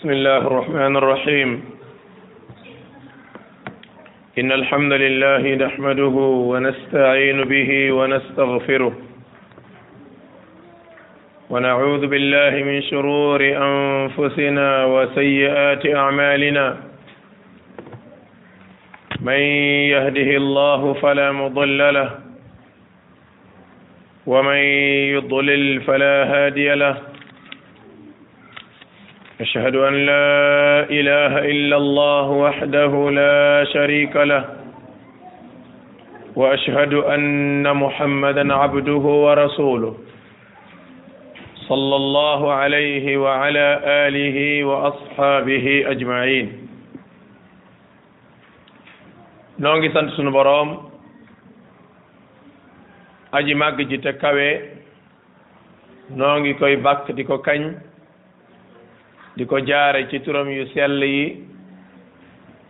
بسم الله الرحمن الرحيم إن الحمد لله نحمده ونستعين به ونستغفره ونعوذ بالله من شرور أنفسنا وسيئات أعمالنا من يهده الله فلا مضل له ومن يضلل فلا هادي له أشهد أن لا إله إلا الله وحده لا شريك له وأشهد أن محمدا عبده ورسوله صلى الله عليه وعلى آله وأصحابه أجمعين نونغي سانت سونو أجي aji تكاوي نونجي كوي باك noo ngi di ko jaare ci turam yu sell yi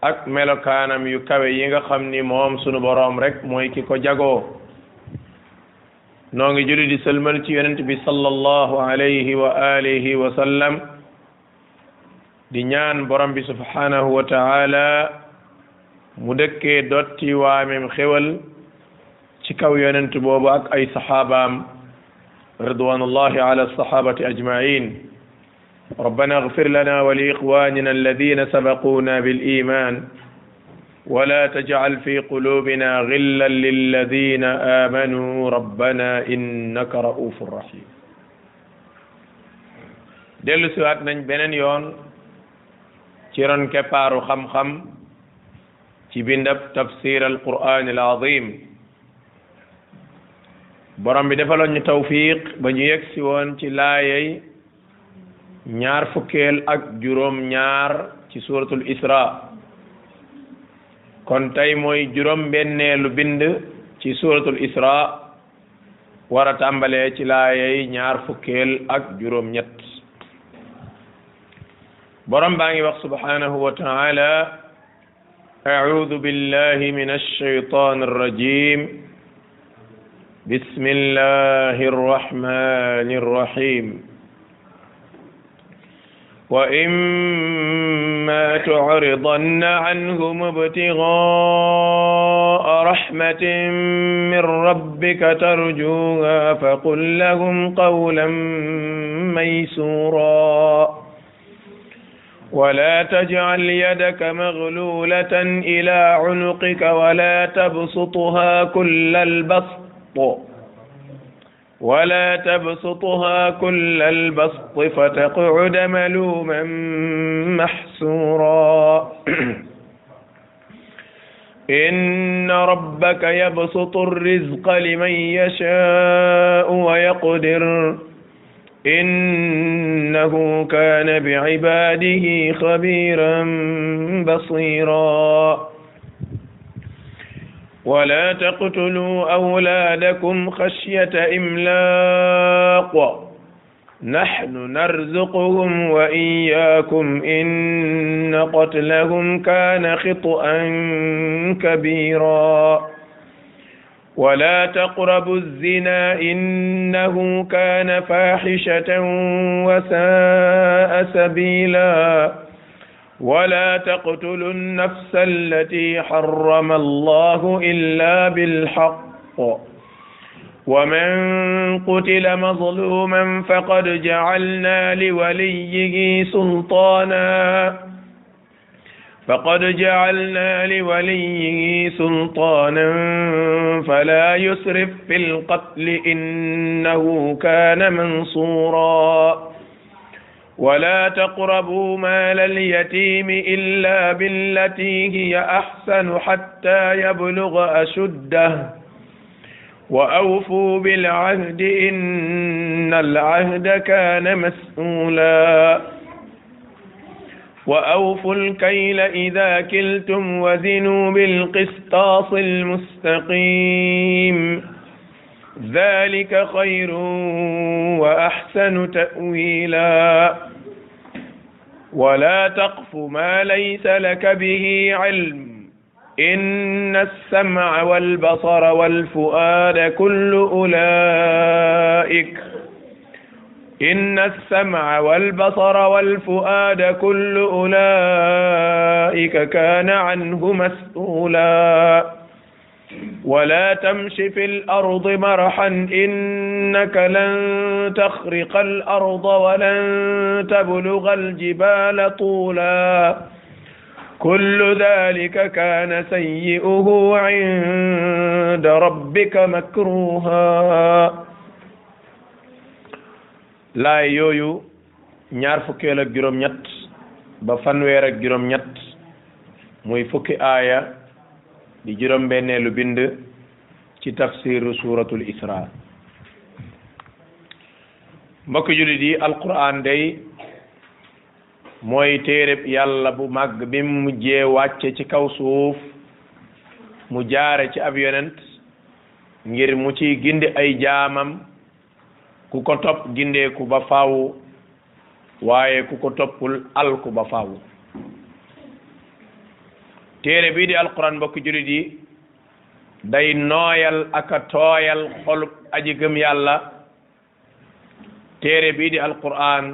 ak melokaanam yu kawe yi nga xam ni moom sunu boroom rek mooy ki ko jagoo noo ngi julli di sëlmal ci yonent bi sallallahu alayhi wa alihi wa sallam di ñaan borom bi subhanahu wa ta'ala mu dëkkee dotti waamem xewal ci kaw yonent boobu ak ay saxaabaam ridwanullahi ala sahabati ajmain ربنا اغفر لنا ولإخواننا الذين سبقونا بالإيمان ولا تجعل في قلوبنا غلا للذين آمنوا ربنا إنك رؤوف رحيم dellu siwaat nañ beneen yoon ci ron keppaaru xam-xam ci bindab tafsir alquran alazim borom bi defaloon ñu tawfiq ba ñu yegg si woon ci laayay ñaar fukkeel ak juróom ñaar ci suratul isra kon tey mooy juróom benneelu bind ci suratul isra war a tàmbalee ci laayey ñaar fukkeel ak juróom ñett borom baa ngi wax subhanahu wa taala أعوذ بالله من الشيطان الرجيم بسم الله الرحمن الرحيم وإما تعرضن عنهم ابتغاء رحمة من ربك ترجوها فقل لهم قولا ميسورا ولا تجعل يدك مغلولة إلى عنقك ولا تبسطها كل البسط ولا تبسطها كل البسط فتقعد ملوما محسورا إن ربك يبسط الرزق لمن يشاء ويقدر إنه كان بعباده خبيرا بصيرا ولا تقتلوا أولادكم خشية إملاق نحن نرزقهم وإياكم إن قتلهم كان خطأ كبيرا ولا تقربوا الزنا إنه كان فاحشة وساء سبيلاً ولا تقتلوا النفس التي حرم الله الا بالحق ومن قتل مظلوما فقد جعلنا لوليه سلطانا فقد جعلنا لوليه سلطانا فلا يسرف في القتل انه كان منصورا ولا تقربوا مال اليتيم إلا بالتي هي أحسن حتى يبلغ أشده وأوفوا بالعهد إن العهد كان مسؤولا وأوفوا الكيل إذا كلتم وزنوا بالقسطاس المستقيم ذلك خير وأحسن تأويلاً ولا تقف ما ليس لك به علم إن السمع والبصر والفؤاد كل أولئك إن السمع والبصر والفؤاد كل أولئك كان عنه مسؤولاً ولا تمش في الأرض مرحا إنك لن تخرق الأرض ولن تبلغ الجبال طولا كل ذلك كان سيئه عند ربك مكروها لا يويو ñaar كيلا ak juróom ñett ba fanweer ak juróom ñett di juróom benneelu bind ci tafsiru suratul isra mbokk julit yi alquran day mooy téereb yàlla bu màgg bi mujjee wàcce ci kaw suuf mu jaare ci ab yonent ngir mu ci gindi ay jaamam ku ko topp gindeeku ba faw waaye ku ko toppul alku ba fawu téere bii di alquran mbokk julit yi day nooyal aka tooyal xolub aji gëm yàlla téere bii di alquran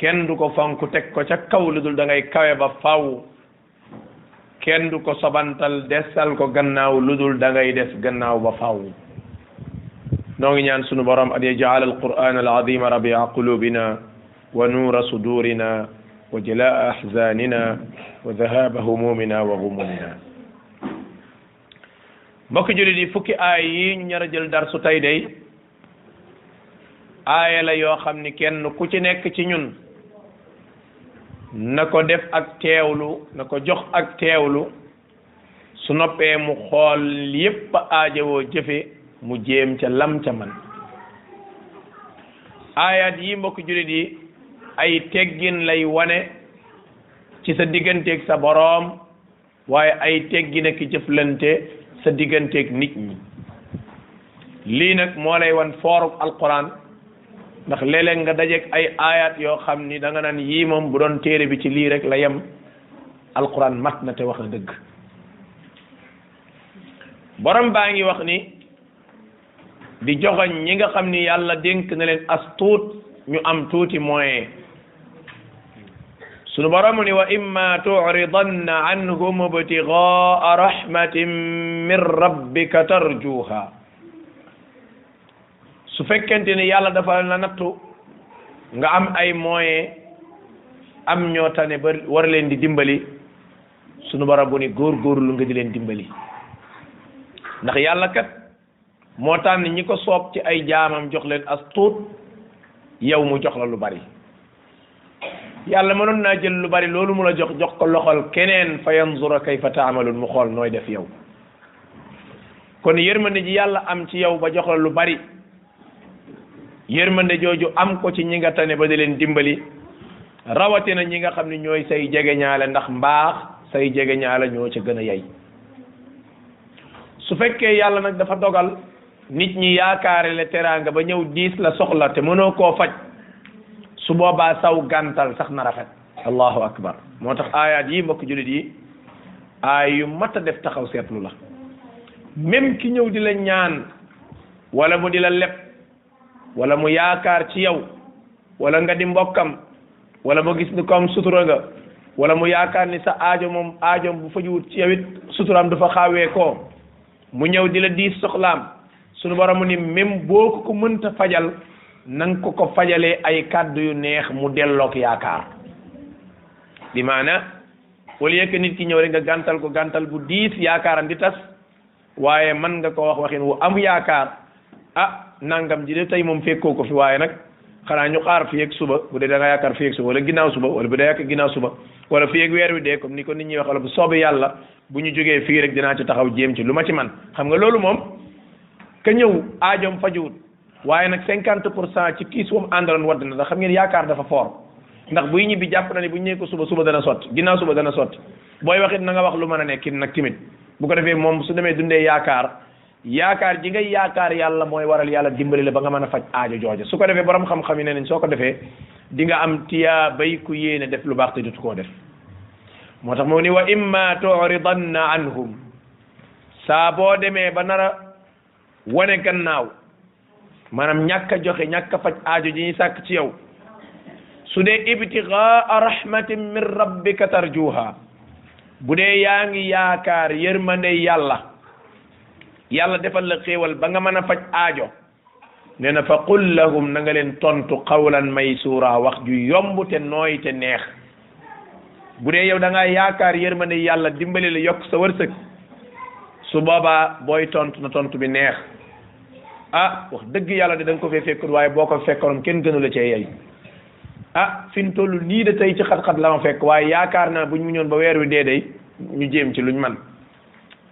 kenn du ko fonk teg ko ca kaw lu dul kawe ba faw kenn du ko sobantal desal ko gannaaw lu dul da ngay des gannaaw ba faw noo ngi ñaan sunu borom an yaj'ala alquran alazima rabia qulubina wa nuura sudurina wa jilaa ahzanina wa dhahaba humumina wa gumumina mbokki jullit fukki aay yi ñu ñar a jël dar su day aaya la yoo xam ni kenn ku ci nekk ci ñun na ko def ak teewlu na ko jox ak teewlu su noppee mu xool yépp aajowoo jëfe mu jéem ca lam ca man aayaat yi mbokki jullit ay teggin lay wane ci sa digganteek sa boroom waaye ay teggin ak jëflante sa digganteeg nit ñi lii nag moo lay wan foorub alquran ndax léeg-léeg nga dajeeg ay ayat yoo xam ni danga nga naan yii moom bu doon téere bi ci lii rek la yem alquran mat na te wax na dëgg borom baa ngi wax ni di joxoñ ñi nga xam ni yàlla dénk na leen as ñu am tuuti moyen sunu borom ni wa imma tu'ridanna anhum ibtigaa'a rahmatin min rabbika tarjuha su fekkente ni yàlla dafa la nattu nga am ay moyen am ñoo tane war leen di dimbali sunu borom bu ni góorgóorlu nga di leen dimbali ndax yàlla kat moo tànn ñi ko soob ci ay jaamam jox leen as tuut yow mu jox la lu bari yàlla mënoon naa jël lu bari loolu mu la jox jox ko loxol keneen fa yanzura kayfa taamaluun mu xool nooy def yow kon yërmande ji yàlla am ci yow ba jox la lu bari yërmande jooju am ko ci ñi nga tane ba di leen dimbali rawatina ñi nga xam ne ñooy say jege ñaale ndax mbaax say jegeñaale ñoo ca gën a yey su fekkee yàlla nag dafa dogal nit ñi yaakaare le teraanga ba ñëw diis la soxla te mënoo koo faj su boobaa saw gàntal sax na rafet allahu akbar moo tax aayaat yi mbokk jullit yi aay yu mat a def taxaw seetlu la même ki ñëw di la ñaan wala mu di la leb wala mu yaakaar ci yow wala nga di mbokkam wala mu gis ni comme sutura nga wala mu yaakaar ni sa aajo moom aajoom bu fajuwut ci yow it suturaam dafa xawee koo mu ñëw di la diis soxlaam sunu borom ni même boo ko ko mënta fajal na nga ko ko fajalee ay kàddu yu neex mu delloog yaakaar bi maana au lieu que nit ki ñëw rek nga gàntal ko gàntal bu diis yaakaaram di tas waaye man nga ko wax waxin wu am yaakaar ah nangam ji de tey moom fekkoo ko fi waaye nag xanaa ñu xaar fii ak suba bu dee da nga yaakaar fii ak suba wala ginnaaw suba wala bu dee yaakaar ginnaaw suba wala ak weer wi dee comme ni ko nit ñi wax wala bu soobee yàlla bu ñu jógee fii rek dinaa ci taxaw jéem ci lu ma ci man xam nga loolu moom ka ñëw aajoom fajuwut waaye nag cinquante pour cent ci kiis wam àndaloon wadd na xam ngeen yaakaar dafa fort ndax buy ñibbi jàpp na ne bu ñu ko suba suba dana sotti ginnaaw suba dana sotti booy waxit na nga wax lu mën a nekkin nag timit bu ko defee moom su demee dundee yaakaar yaakaar ji ngay yaakaar yàlla mooy waral yàlla dimbali la ba nga mën a faj aajo jooja su ko defee borom xam-xam ne nañ soo ko defee di nga am tiyaa bay ku yéene def lu baax te dut koo def moo tax moo ni wa imma tu'ridanna anhum saa boo demee ba nara wane gannaaw maanaam ñàkk joxe ñàkk faj aajo ji ñuy sàkk ci yow su dee ibtigaa rahmatin min rabbika tarjuha bu dee yaa ngi yaakaar yërmande yàlla yàlla defal la xéewal ba nga mën a faj aajo nee na fa qul lahum na nga leen tontu qawlan maysuura wax ju yomb te nooy te neex bu dee yow da ngaa yaakaar yërmande yàlla dimbali la yokk sa wërsëg su boobaa booy tontu na tontu bi neex ah wax dëgg yàlla de da ko fee fekkul waaye boo ko fekkoon kenn gënu la cee yey ah fi mu toll nii de tey ci xat-xat la ma fekk waaye yaakaar naa buñ mu ñoon ba weer wi dee day ñu jéem ci lu luñ man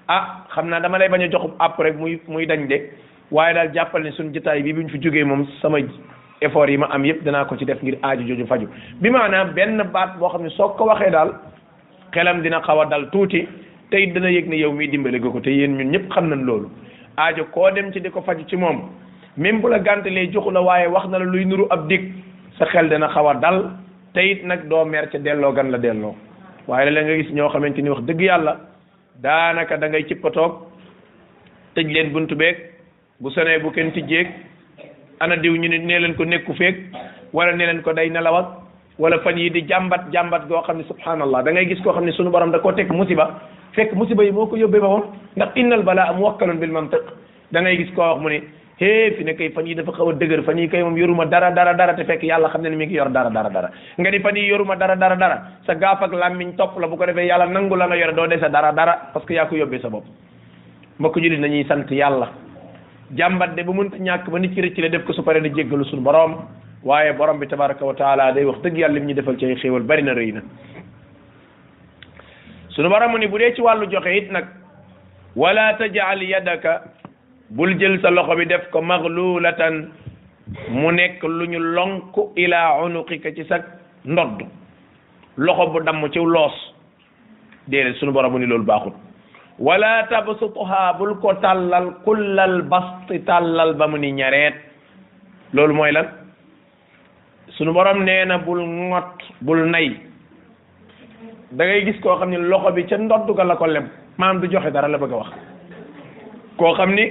ah xam naa dama lay bañ a joxu àpp rek muy muy dañ de waaye daal jàppale ne suñ jotaay bi buñ fi jógee moom sama effort yi ma am yëpp danaa ko ci def ngir aaju jooju faju bi maanaa benn baat boo xam ne soo ko waxee daal xelam dina xaw a dal tuuti te it dana ne yow miy dimbale ko te yéen ñun ñëpp xam nañ loolu aajo koo dem ci di ko faj ci moom même bu la gàntalee joxu la waaye wax na la luy nuru ab dig sa xel dana xaw a dal te nag doo mer ca delloo gan la delloo waaye la nga gis ñoo xamante ni wax dëgg yàlla daanaka da ngay cippatoog tëj leen buntu beeg bu sonee bu kenn tijjeeg ana diw ñu ne nee leen ko nekku feek wala nee leen ko day nelaw ak wala fan yi di jàmbat jàmbat goo xam ne subhanallah da ngay gis koo xam ne sunu borom da koo teg musiba fekk musiba yi moo ko yóbbee ba moom ndax innal balaa muwakkalun bil mantiq da gis koo wax mu ne hee fi ne kay fan yi dafa xaw a dëgër fan yi kay moom yoruma dara dara dara te fekk yàlla xam ne ne mi ngi yor dara dara dara nga ni fan yi yoruma dara dara dara sa gaaf ak làmmiñ topp la bu ko defee yàlla nangu la nga yore doo dese dara dara parce que yaa ko yóbbee sa bopp mbokk jullit nañuy sant yàlla jàmbat de ba bu mënta ñàkk ba nit ki rëcc la def ko su pare na jéggalu suñu borom waaye borom bi tabaraka wa taala day wax dëgg yàlla li ñu defal ci ay xéewal bari na rëy na sunu borom mu ni bu dee ci wàllu joxe it nag wala tajal yadaka bul jël sa loxo bi def ko maglulatan mu nekk lu ñu lonk ila unuqika ci sa ndodd loxo bu damm ci loos déedéet sunu borom mu ni loolu baaxut wala tabsutha bul ko tàllal kullal basti tàllal ba mu ni ñareet loolu mooy lan sunu borom nee na bul ŋot bul nay da ngay gis koo xam ne loxo bi ca ndodd ga la ko lem maanaam du joxe dara la bëgg a wax koo xam ni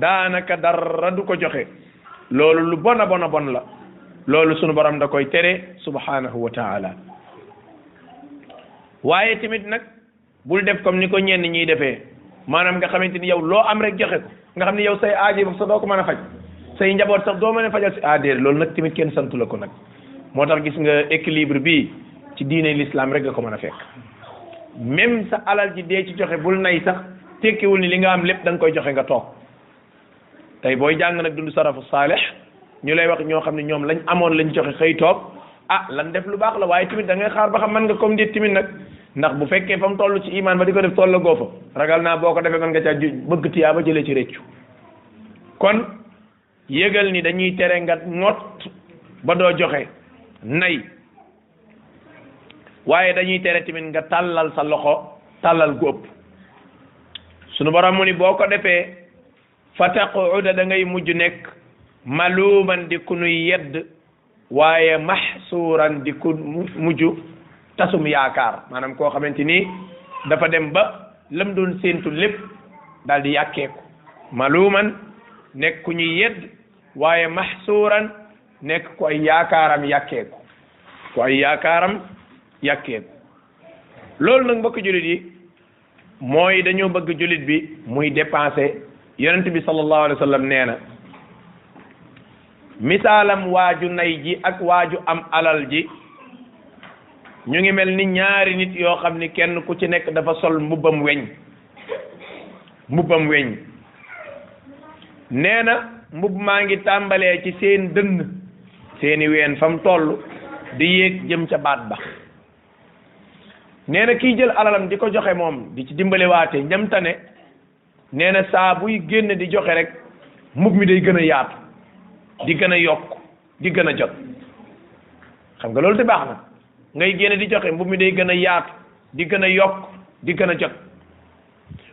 daanaka dara du ko joxe loolu lu bona bona bon la loolu sunu borom da koy tere subhanahu wa taala waaye tamit nag bul def comme ni ko ñenn ñiy defee maanaam nga xamante ni yow loo am rek joxe nga xam ni yow say aaji boobu sax doo ko mën a faj say njaboot sax doo man a fajal si aadéer ah, loolu nag tamit kenn santu la ko nag moo tax gis nga équilibre bii ci diine l'islam rek nga ko mën a fekk même sa alal ji dee ci joxe bul nay sax tekkiwul ni li nga am lépp da koy joxe nga toog tey booy jàng nag dund sarafu saalih ñu lay wax ñoo xam ne ñoom lañ amoon lañ joxe xëy toog ah lan def lu baax la waaye tamit dangay xaar ba xam man nga comme nit timit nag ndax bu fekkee fa mu toll ci imaan ba di ko def toll goo fa ragal naa boo ko defee mën nga caa bëgg tiyaa ba jëlee ci réccu kon yëgal ni dañuy tere nga not ba joxe nay waaye dañuy tere tamit nga tàllal sa loxo tàllal gu ëpp sunu borom mu ni boo ko defee fa taquda da ngay mujj nekk maluuman di ku nuy yedd waaye mahsuuran di ku mujj tasum yaakaar maanam koo xamante ni dafa dem ba lam doon séentu lépp dal di yàkkeeku maluuman nekk ku ñuy yedd waaye mahsuuran nekk ko ay yaakaaram yàkkeeku ku ay yaakaaram yàkkee loolu nag mbokk jullit yi mooy dañoo bëgg jullit bi muy dépensé yonent bi sallallahu alayhi wa nee na misaalam waaju nay ji ak waaju am alal ji ñu ngi mel ni ñaari nit yoo xam ni kenn ku ci nekk dafa sol mbubbam weñ mbubbam weñ nee na mbubb maa ngi tàmbalee ci seen dënn seeni ween fam toll di yéeg jëm ca baat ba nee na kiy jël alalam di ko joxe moom di ci dimbalewaate ñamtane nee na saa buy génn di joxe rek mbub mi day gën a yaatu di gën a yokk di gën a jot xam nga loolu de na ngay génn di joxe mbub mi day gën a yaatu di gën a yokk di gën a jot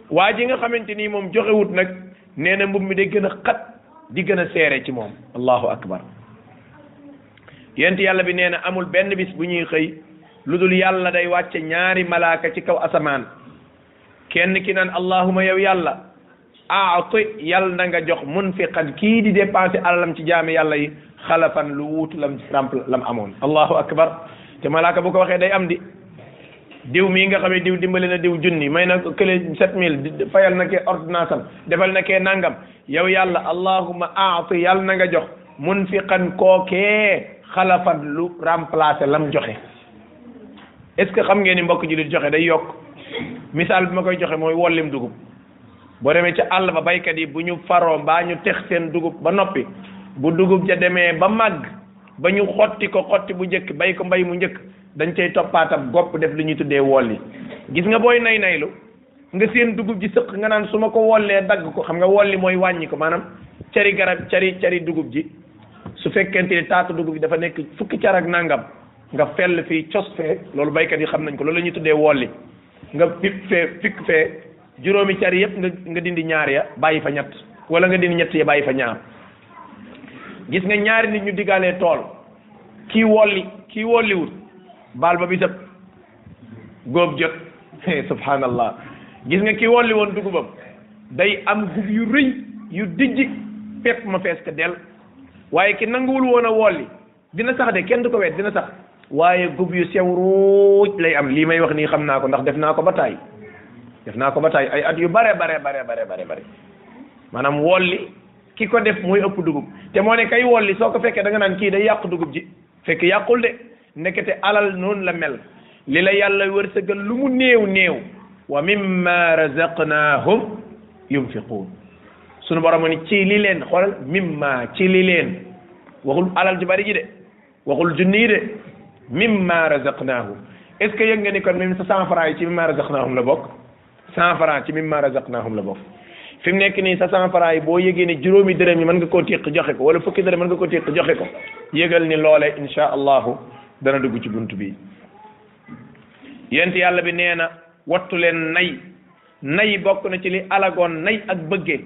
waa ji nga xamante nii moom joxewut nag nee na mbub mi day gën a xat di gën a seere ci moom allahu akbar yent yàlla bi nee na amul benn bis bu ñuy xëy lu dul yàlla day wàcce ñaari malaaka ci kaw asamaan kenn ki naan allahuma yow yàlla aati yàlla na nga jox munfiqan kii di dépensé alalam ci jaami yàlla yi xalafan lu wuutu lam ramp lam amoon allahu akbar te malaaka bu ko waxee day am di diw mii nga xam ne diw dimbali na diw junni may na kële sept mille fayal na ke ordonnance am defal na ke nangam yow yàlla allahuma aati yàlla na nga jox munfiqan kookee xalafan lu remplacé lam joxe est-ce que xam ngeen ni mbokk jullit joxe day yokk misaal bi ma koy joxe mooy wollim dugub boo demee ca àll ba baykat yi bu ñu faro mbaa ñu tex seen dugub ba noppi bu dugub ja demee ba màgg ba ñu xotti ko xotti bu njëkk bay ko mbay mu njëkk dañ cay toppaatam gopp def li ñuy tuddee wolli gis nga booy nay naylu nga seen dugub ji sëq nga naan su ma ko wollee dagg ko xam nga wolli mooy wàññi ko maanaam cari garab cari cari dugub ji su fekkente ni taatu dugub ji dafa nekk fukki car nangam nga fell fii cos fee loolu baykat yi xam nañ ko loolu la ñuy tuddee wolli nga pip fee fikk fee juróomi cari yëpp nga nga dindi ñaar ya bàyyi fa ñett wala nga dindi ñett ya bàyyi fa ñaar gis nga ñaari nit ñu digaalee tool kii wolli kii wolliwut baal ba bi tëb góob jot subhanallah gis nga kii wolli woon dugubam day am gub yu rëy yu dijji pepp ma fees ko del waaye ki nanguwul woon a wolli dina sax de kenn du ko weet dina sax waaye gub yu sew ruuj lay am lii may wax nii xam naa ko ndax def naa ko ba taay def naa ko ba taay ay at yu bare bare bare bare bare bare maanaam wolli ki ko def mooy ëpp dugub te moo ne kay wolli soo ko fekkee da nga naan kii day yàq dugub ji fekk yàqul de ndekete alal noonu la mel li la yàlla wërsëgal lu mu néew néew wa mimma razaqnaahum yunfiquun sunu borom ni ci li leen xool mimma ci li leen waxul alal ju bari ji de waxul junni yi de mimma razaqnahum est ce que yëg nga ni kon même sa cent franc yi ci mimma razaqnahum la bokk cent franc ci mimma razaqnahum la bokk fi mu nekk nii sa cent franc yi boo yëgee ni juróomi dërëm yi mën nga koo téq joxe ko wala fukki dërëm mën nga koo téq joxe ko yëgal ni loole insha allahu dana dugg ci bunt bi yent yàlla bi nee na wattu leen nay nay bokk na ci li alagoon nay ak bëgge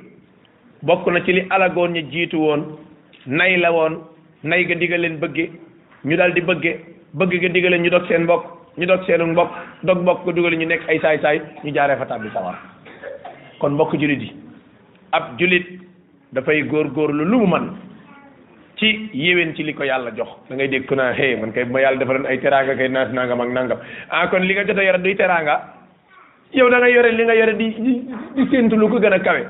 bokk na ci li alagoon ñu jiitu woon nay la woon nay ga digal leen bëgge ñu daal di bëgge bëgg nga digale ñu dog seen mbokk ñu dog seenu mbokk dog mbokk ko dugale ñu nekk ay saay-saay ñu jaaree fa tàbbi sawar kon mbokk jullit yi ab jullit dafay góor góor lu lu mu man ci yéwén ci li ko yàlla jox da ngay dégg ko naa koy man kay bu ma yàlla defaloon ay teraanga kay naas nangam ak nangam ah kon li nga jot a yore duy teraanga yow da nga yore li nga yore di di séntu lu ko gën a kawe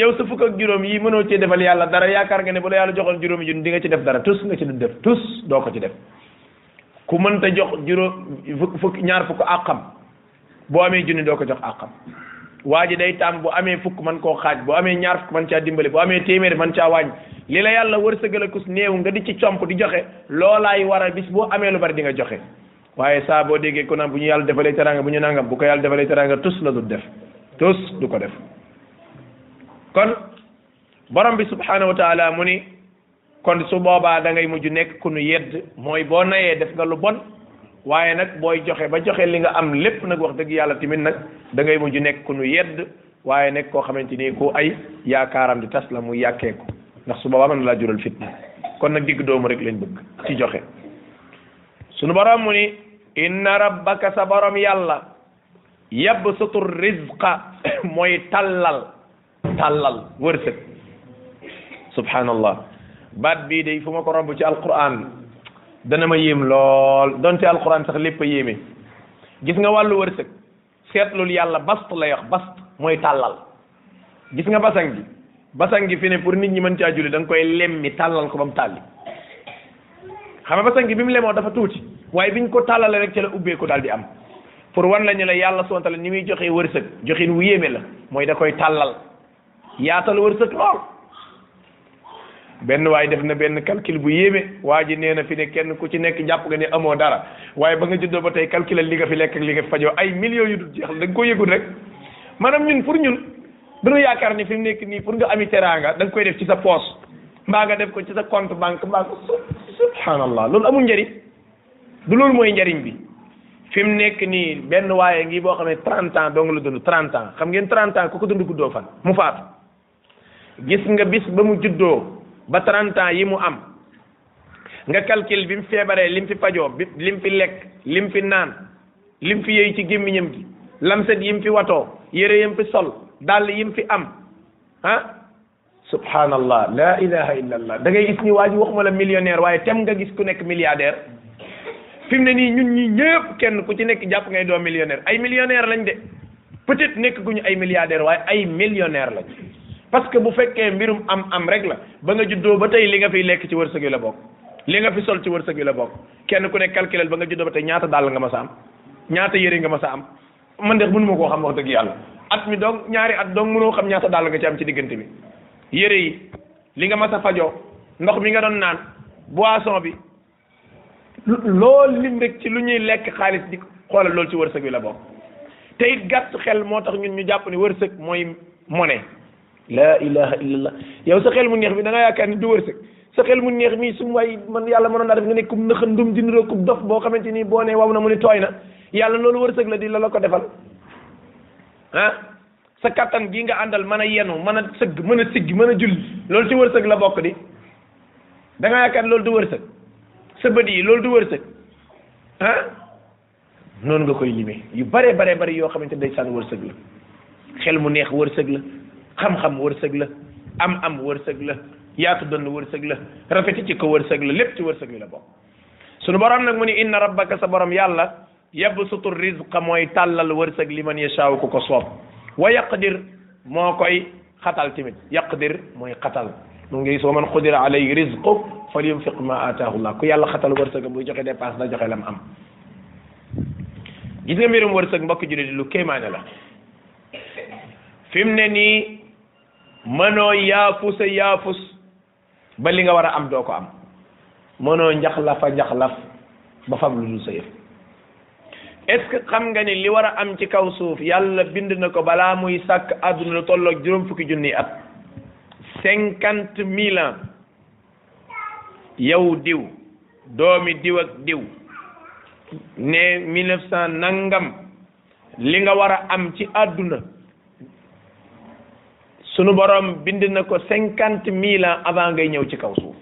yow sa fukk ak juróom yi mënoo cee defal yàlla dara yaakaar nga ne bu la yàlla joxoon juróomi junni di nga ci def dara tus nga ci def tus doo ko ci def ku mënta jox juróom fukk ñaar fukk àqam boo amee junni doo ko jox àqam waa ji day tàmm bu amee fukk man koo xaaj boo amee ñaar fukk man caa dimbale boo amee téeméeri man caa wàññi li la yàlla wërsëgal ku néew nga di ci comp di joxe loolaay war a bis boo amee lu bari di nga joxe waaye saa boo déggee ku naan bu ñu yàlla defalee teraanga bu ñu nangam bu ko yàlla defalee teraanga tus la du def tus du ko def kon borom bi subhanahu mu ni kon su boobaa da ngay mujj nekk ku nu yedd mooy boo nayee def nga lu bon waaye nag booy joxe ba joxe li nga am lépp nag wax dëgg yàlla tamit nag dangay ngay mujj nekk ku nu yedd waaye nekk koo xamante ni ku ay yaakaaram di tas la mu yàkkee ndax su boobaa mën laa jural fitna kon nag digg doomu rek lañ bëgg ci joxe sunu borom mu ni inna rabbaka sa borom yàlla yabsutu rizqa mooy tallal tallal wërsëg subhanallah baat bii de fu ma ko romb ci alquran dana ma yéem lool donte alquran sax lépp a yéeme gis nga wàllu wërsëg seetlul yàlla bast la wax bast mooy tàllal gis nga basang gi basan gi fi ne pour nit ñi mën caa julli da nga koy lemmi tàllal ko ba mu tàlli xam nga basang gi bi mu lemoo dafa tuuti waaye bi ñu ko tàllalee rek ci la ubbeeku daal di am pour wan la ñu la yàlla subhanahu wa ni muy joxe wërsëg joxin wu yéeme la mooy da koy tàllal yaatal wërsëg lool benn waaye def na benn calcul bu yéeme waa ji nee na fi ne kenn ku ci nekk jàpp nga ne amoo dara waaye ba nga juddoo ba tey calculal li nga fi lekk ak li nga fi fajoo ay millions yu dul jeex la da nga ko yëgul pour ñun dañu yaakaar ni fi mu nekk nii pour nga ami teraanga da koy def ci sa poos mbaa nga ko ci sa compte banque mbaa ko subhanallah loolu amul njëriñ du loolu mooy njëriñ bi fi mu nekk nii benn waaye ngi boo xam ne trente ans dong la dund trente xam ngeen trente ans ku ko dund guddoo fan mu faatu gis nga bis ba mu juddoo ba 30 ans yi mu am nga calcul bi mu feebaree lim fi fajoo bi li mu fi lekk li mu fi naan li mu fi yëy ci gémmiñam gi lamset yim fi watoo yére yim fi sol dàll yi mu fi am ah subhanallah la ilaha illa allah da ngay gis ni waa ji waxuma la millionnaire waaye tem nga gis ku nekk milliardaire fi mu ne nii ñun ñi ñëpp kenn ku ci nekk jàpp ngay doo millionnaire ay millionaire lañ de peut-être nekk guñu ay milliardaire waaye ay millionnaire lañ parce que bu fekkee mbirum am am rek la ba nga juddoo ba tey li nga fiy lekk ci wërsëg wi la bokk li nga fi sol ci wërsëg wi la bokk kenn ku ne calculel ba nga juddoo ba tey ñaata dàll nga ma sa am ñaata yére nga ma sa am man de mënu ma koo xam wax dëgg yàlla at mi dong ñaari at dong mënoo xam ñaata dàll nga ci am ci diggante bi yére yi li nga ma sa fajoo ndox mi nga doon naan boisson bi loolu lim rek ci lu ñuy lekk xaalis di xoolal loolu ci wërsëg wi la bokk te it xel moo tax ñu jàpp ne wërsëg mooy monnaie laa ilaha illallah yow sa xel mu neex bi da nga yaakaar ni du wërsëg sa xel mu neex mii su waay man yàlla mënoon naa def nga ne kum naxandum di niroo kum dof boo xamante ni boo ne waw na mu ni tooy na yàlla loolu sag la di la ko defal ah sa kattan gi nga àndal mën a yenu mën a sëgg mën a sigg mën a julli loolu ci wërsëg la bokk di da nga yaakaar loolu du wërsëg sa bët yi loolu du wërsëg ah noonu nga koy limee yu bare bare bari yoo xamante day saan wërsëg la xel mu neex wërsëg la xam-xam wërsëg la am am wërsëg la yaatu doon wërsëg la rafeti ci ko wërsëg la lépp ci wërsëg li la bokk sunu borom nag mu ni inna rabbaka sa borom yàlla yabsutu rizqa mooy tàllal wërsëg li man yashaaw ku ko soob wa yaqdir moo koy xatal tamit yaqdir mooy xatal mu ngi gis wa man qudira alayhi rizqu fal yunfiq ma ataahu llah ku yàlla xatal wërsëg buy joxe dépense da joxe lam am gis nga mbirum wërsëg mbokk jullit di lu kéemaane la fi mu ne nii mënoo yaafusa yaafus ba li nga war a am doo ko am mënoo njaxlafa njaxlaf ba fam lu dul sa yëf est-ce que xam nga ni li war a am ci kaw suuf yàlla bind na ko balaa muy sàkk àdduna lu tolloog juróom fukki junniy at cinquante mille ans yow diw doomi diw ak diw ne mille neuf nangam li nga war a am ci àdduna sunu borom bind na ko cinquante mille ans avant ngay ñëw ci kaw suuf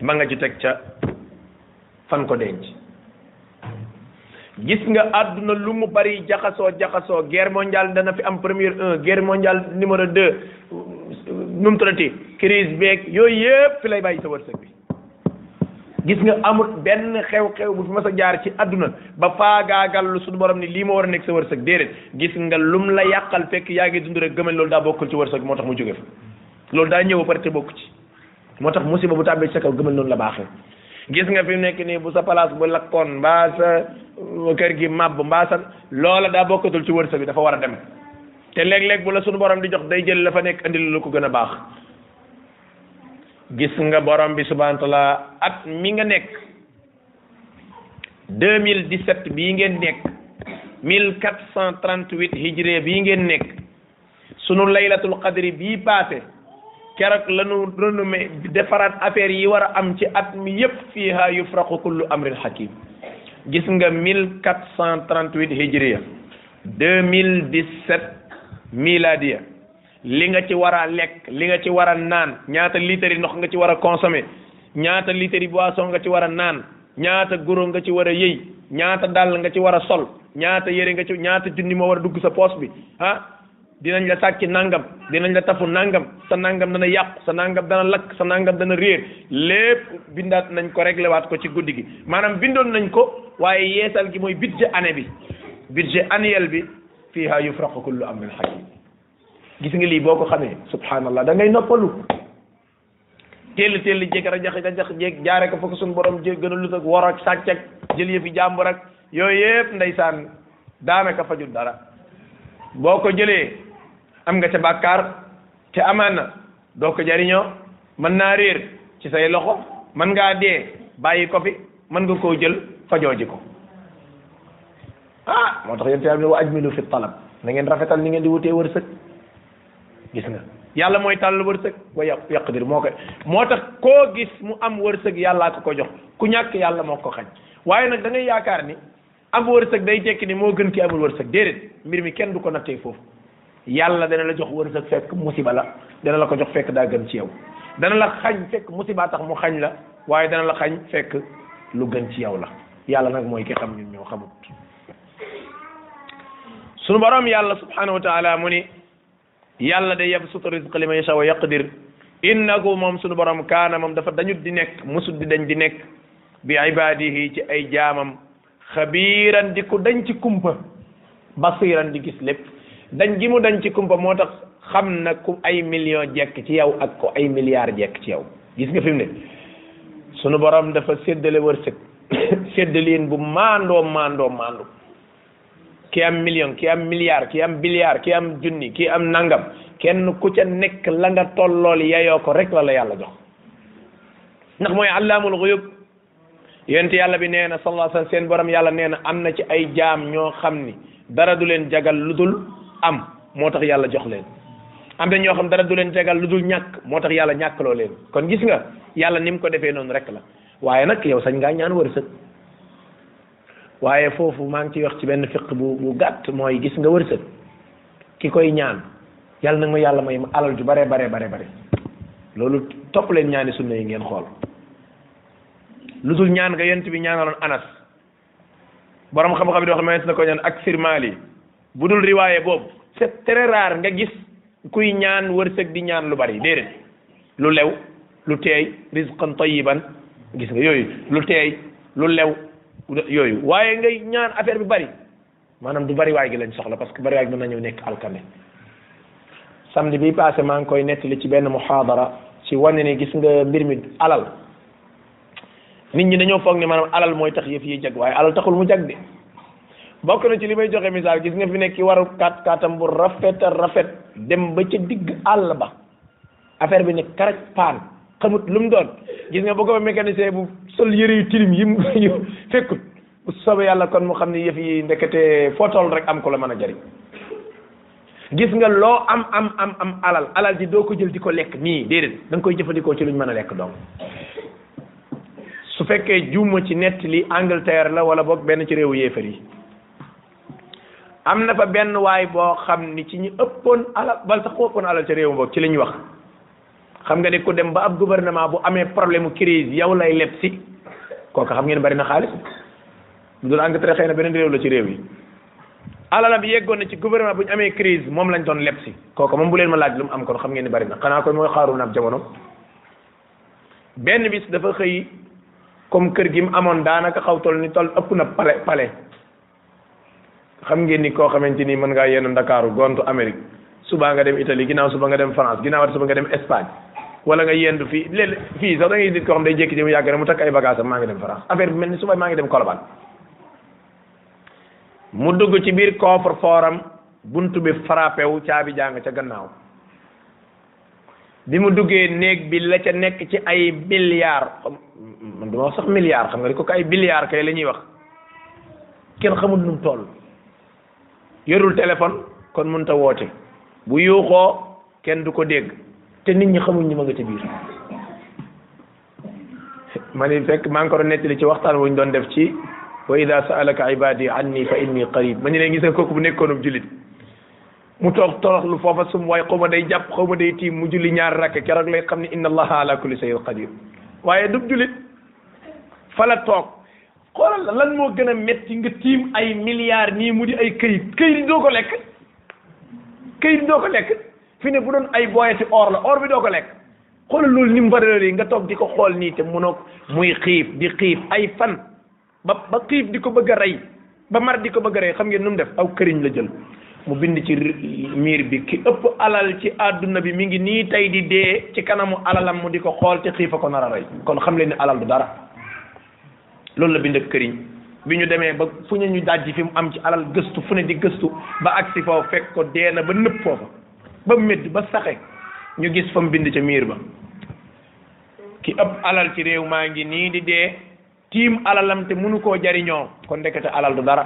ma nga ci teg ca fan ko denc gis nga àdduna lu mu bari jaxasoo jaxasoo guerre mondiale dana fi am première un guerre mondiale numéro deux nu mu tuddati yooyu yëpp fi lay bàyyi sa wërsëg bi gis nga amut benn xew-xew bu fi ma a jaar ci adduna ba faagaagal lu suñu borom ni lii ma war a nekk sa wërsëg déedéet gis nga lum la yàqal fekk yaa ngi dund rek gëmal loolu daa bokkul ci wërsëg moo tax mu jóge loolu daa ñëw ba pare bokku ci moo tax musiba bu tàmbee sa kaw gëmal noonu la baax baaxee gis nga fi mu nekk nii bu sa place bu lakkoon mbaa sa uh, kër gi màbb mbaa sa loola daa bokkatul ci wërsëg bi dafa war a dem te léeg-léeg bu la suñu borom di jox day jël la fa nekk andil lu ko gën a baax gis nga borom bi subhanahu wa taala at mi nga nekk deux mille dix sept bii ngeen nekk mille quatre cent trente huit hijré bii ngeen nekk sunu laylatul qadri bii passé keroog lanu renumé defaraat affaire yi war a am ci at mi yëpp fiiha yufraqu kullu amrin hakim gis nga mille quatre cent trente huit hijriya deux li nga ci war a lekk li nga ci war a naan ñaata litre yi ndox nga ci war a consommer ñaata litre yi boisson nga ci war a naan ñaata goro nga ci war a yëy ñaata dàll nga ci war a sol ñaata yére nga ci ñaata junni moo war a dugg sa poos bi ah dinañ la sàcc nangam dinañ la tafu nangam sa nangam dana yàqu sa nangam dana lakk sa nangam dana réer lépp bindaat nañ ko réglé waat ko ci guddi gi maanaam bindoon nañ ko waaye yeesal gi mooy bit année bi budget annuel bi fiiha yufraqu kullu gis nga lii boo ko xamee subhanallah da ngay noppalu teel teel jékki rajax rajax jéeg jaare ko foog suñu borom jéeg gën a lut ak wor ak sàcc jël yëfi jàmbur ak yooyu yëpp ndeysaan daanaka fajul dara boo ko jëlee am nga ca bàkkaar te amaan na doo ko jariñoo mën naa réer ci say loxo mën nga dee bàyyi ko fi mën nga koo jël fajoo ji ko ah moo tax yéen tamit wa ajmilu fi talab na ngeen rafetal ni ngeen di wutee wërsëg. gis nga yàlla mooy tàll wërsëg wa yàq yàqdir moo koy moo tax koo gis mu am wërsëg yàllaa ko ko jox ku ñàkk yàlla moo ko xañ waaye nag da yaakaar ni am wërsëg day tekki ni moo gën ki amul wërsëg déedéet mbir mi kenn du ko nattee foofu yàlla dana la jox wërsëg fekk musiba la dana la ko jox fekk daa ci yow dana la xañ fekk musiba tax mu xañ la waaye dana la xañ fekk lu gën ci yow la yàlla nag mooy ki xam ñun ñoo xamut sunu borom yàlla subhanahu wa mu ni yàlla day yabsutu rizqa li man yasha wa yaqdir innahu moom suñu borom kaana moom dafa dañut di nekk musut di dañ di nekk bi ibadihi ci ay jaamam xabiiran di ku dañ ci kumpa basiran di gis lépp dañ gi mu dañ ci kumpa moo tax xam nag ku ay million jekk ci yow ak ko ay milliards jekk ci yow gis nga fi ne sunu borom dafa séddale wërsëg séddaliin bu maandoo maandoo maandu ki am million ki am milliard ki am billiard ki am junni ki am nangam kenn ku ca nekk la nga tollool yayoo ko rek la la yàlla jox ndax mooy allaamul xuyub yonent yàlla bi nee na sallallahu seen borom yàlla nee na am na ci ay jaam ñoo xam ni dara du leen jagal lu dul am moo tax yàlla jox leen am na ñoo xam dara du leen jagal lu dul ñàkk moo tax yàlla ñàkkloo leen kon gis nga yàlla ni mu ko defee noonu rek la waaye nag yow sañ ngaa ñaan wërsëg waaye foofu maa ngi ciy wax ci benn fiq bu bu gàtt mooy gis nga wërsëg ki koy ñaan yàlla na ma yàlla may alal ju bare bare bare bare loolu topp leen ñaani sunna yi ngeen xool lu dul ñaan nga yent bi ñaanaloon anas borom xam-xam bi wax ma yent na ko ñaan ak sirmaali bu dul riwaaye boobu c'est très rare nga gis kuy ñaan wërsëg di ñaan lu bari déedéet lu lew lu teey rizqan tayyiban gis nga yooyu lu teey lu lew yooyu waaye ngay ñaan affaire bi bari maanaam du bari waay gi lañ soxla parce que bari waay gi mën na ñëw nekk alkane samedi bi passé maa ngi koy nettali ci benn muhaadara ci wane ni gis nga mbir mi alal nit ñi dañoo foog ne maanaam alal mooy tax yëf yi jag waaye alal taxul mu jag de bokk na ci li may joxe misaal gis nga fi nekk ki waru kat katam bu rafeta rafet dem ba ca digg àll ba affaire bi ne karaj paan xamut lu mu doon gis nga bu ko mécanicien bu sol yére yu tilim yi mu fekkut bu soobee yàlla kon mu xam ne yëf yi ndekete foo toll rek am ko la mën a jariñ gis nga loo am am am am alal alal ji doo ko jël di ko lekk nii déedéet da koy jëfandikoo ci luñ mën a lekk donc su fekkee juuma ci nett li Angleterre la wala boog benn ci réewu yéefar yi am na fa benn waay boo xam ni ci ñu ëppoon alal bal sax ko ëppoon alal ci réew mi ci li ñu wax xam nga ne ku dem ba ab gouvernement bu amee problème mu crise yow lay leb si kooku xam ngeen bari na xaalis bu dul Angleterre xëy na beneen réew la ci réew yi alalam yeggoon na ci gouvernement bu ñu amee crise moom lañ doon leb si kooku moom bu leen ma laaj lu mu am kon xam ngeen ni bari na xanaa kon mooy xaaru na ab jamono benn bis dafa xëy comme kër gi mu amoon daanaka xaw toll ni toll ëpp na pale pale xam ngeen ni koo xamante ni mën ngaa yenn Ndakaaru gontu Amérique suba nga dem Italie ginnaaw suba nga dem France ginnaaw suba nga dem Espagne wala nga yendu fii léeg fii sax da ngay nit koo xam day jékki jëm yàgg ne mu takk ay bagages am maa ngi dem France affaire bi mel ni suba mu dugg ci biir coffre fort am bi jàng ca gannaaw bi mu duggee néeg bi la ca nekk ci ay milliards man duma wax sax milliards xam nga di ko ay milliards kay la ñuy wax kenn xamul nu tool toll yorul téléphone kon mënut a woote bu yuuxoo kenn du ko dégg. te nit ñi xamuñ ni ma nga ci biir ma ni fekk maa ngi ko doon nettali ci waxtaan wuñ doon def ci wa ida saalaka ibadi anni fa inni qarib ma ñu ne gis nga kooku bu nekkoonum julit mu toog toroxlu foofa sum waaye xaw ma day jàpp xaw ma day tiim mu julli ñaar rakk keroog lay xam ne inna allaha ala kulli shay'in qadir waaye dub julit fa la toog xoolal lan moo gën a metti nga tiim ay milliards nii mu di ay këyit këyit doo ko lekk këyit doo ko lekk fi ne bu doon ay boyeti or la or bi doo ko lekk xoolal loolu ni mu bëri nga toog di ko xool nii te munoo muy xiif di xiif ay fan ba ba xiif di ko bëgg a rey ba mar di ko bëgg a rey xam ngeen nu mu def aw këriñ la jël mu bind ci miir bi ki ëpp alal ci àdduna bi mi ngi nii tey di dee ci kanamu alalam mu di ko xool te xiif a ko rey kon xam leen ni alal du dara loolu la bind ak këriñ bi ñu demee ba fu ñu ñu dajji fi mu am ci alal gëstu fu ne di gëstu ba agsi foofu fekk ko dee na ba nëpp foofu ba métti ba saxe ñu gis fa mu bind ca miir ba ki ëpp alal ci réew maa ngi nii di dee tiim alalam te mënu koo jariñoo kon ndekete alal du dara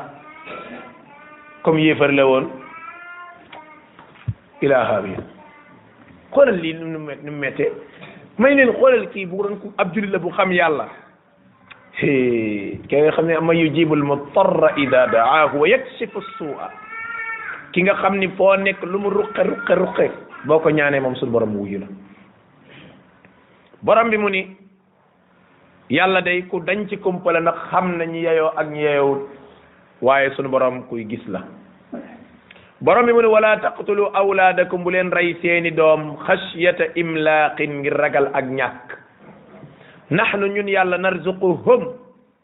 comme yéefar la woon ilaaha bi xoolal lii nu mu méttee may leen xoolal kii bu doon ab jullit la bu xam yàlla ke nga xam ne ama yujibul mutarra ida daahu wa yaksifu suua ki nga xam ni foo nekk lu mu ruqe ruqe ruqe boo ko ñaanee moom suñu borom wuyu la boroom bi mu ni yàlla day ku dañ ci kumpale nag xam na ñi yeyoo ak ñi yeyowut waaye suñu boroom kuy gis la boroom bi mu ni wala taqtulu awlaadakum bu leen rey seeni doom xashyata imlaaqin ngir ragal ak ñàkk nahnu ñun yàlla narzuquhum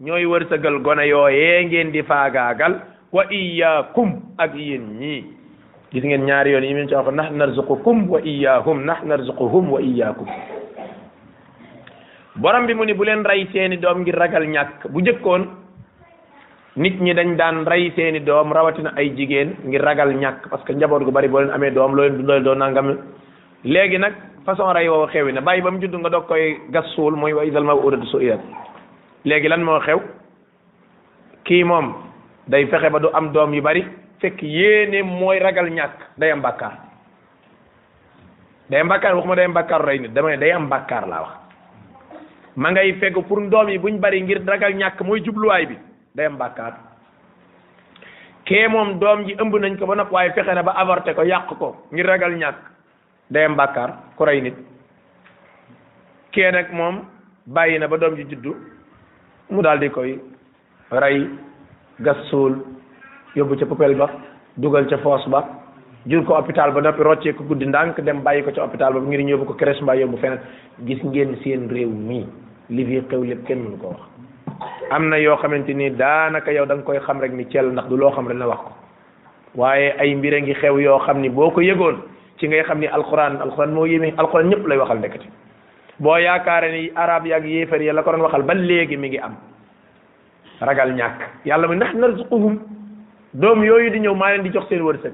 ñooy wërsëgal gone yooyee ngeen di faagaagal wa iyaakum ak yéen ñii gis ngeen ñaari yoon yi mu ci wax nax narzuqukum wa iyaahum nax narzuquhum wa iyaakum borom bi mu ni bu leen rey seeni doom ngir ragal ñàkk bu jëkkoon nit ñi dañ daan rey seeni doom rawatina ay jigéen ngir ragal ñàkk parce que njaboot gu bari boo leen amee doom loolu dool doo nangam léegi nag façon rey woo xewi na bàyyi ba mu judd nga dog koy gas suul mooy wa isal ma udatu suilat léegi lan moo xew kii moom day fexe ba du am doom yu bari fekk yéene mooy ragal ñàkk day am bàkkaar day am bàkkaar waxuma day am bàkkaaru rey nit dama day am bàkkaar laa wax ma ngay fekk pour doom yi buñ bari ngir ragal ñàkk mooy jubluwaay bi day am bàkkaar kee moom doom ji ëmb nañ ko ba nopp waaye fexe na ba avorté ko yàq ko ngir ragal ñàkk day am bàkkaar ku rey nit kee nag moom bàyyi na ba doom ji juddu mu daldi koy rey gas suul yóbbu ca poubelle ba dugal ca foos ba jur ko hôpital ba noppi roccee ko guddi ndànk dem bàyyi ko ca hôpital ba ngir ñu yóbbu ko crèche mbaa yóbbu feneen gis ngeen seen réew mii li xew lépp kenn mënu ko wax am na yoo xamante ni daanaka yow da nga koy xam rek ni cell ndax du loo xam rek la wax ko waaye ay mbir a ngi xew yoo xam ni boo ko yëgoon ci ngay xam ni alxuraan alxuraan moo yéeme alxuraan ñëpp lay waxal nekkati boo yaakaare ni arab yaak yéefar ya la ko doon waxal ba léegi mi ngi am ragal ñàkk yàlla ma ndax narzuquhum doom yooyu di ñëw maa leen di jox seen wërsëg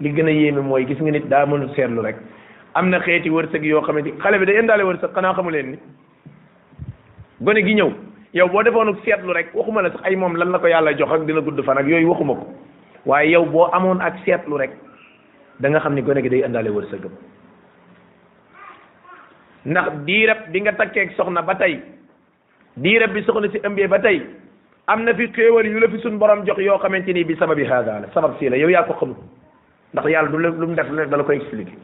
li gën a yéeme mooy gis nga nit daa mënul seetlu rek am na xeeti wërsëg yoo xamante xale bi day indaale wërsëg xanaa xamu leen ni gone gi ñëw yow boo defoon seetlu rek waxuma la ay moom lan la ko yàlla jox ak dina gudd fan ak yooyu waxuma ko waaye yow boo amoon ak seetlu rek da xam ni gone gi day indaale wërsëgam ndax diirab bi nga takkeeg soxna ba tey diirab bi soxna si ëmbee ba tey am na fi xéewal yu la fi suñ borom jox yoo xamante ni bi sababi haada la sabab sii la yow yaa ko xamul ndax yàlla du la lu mu def rek dala koy expliqué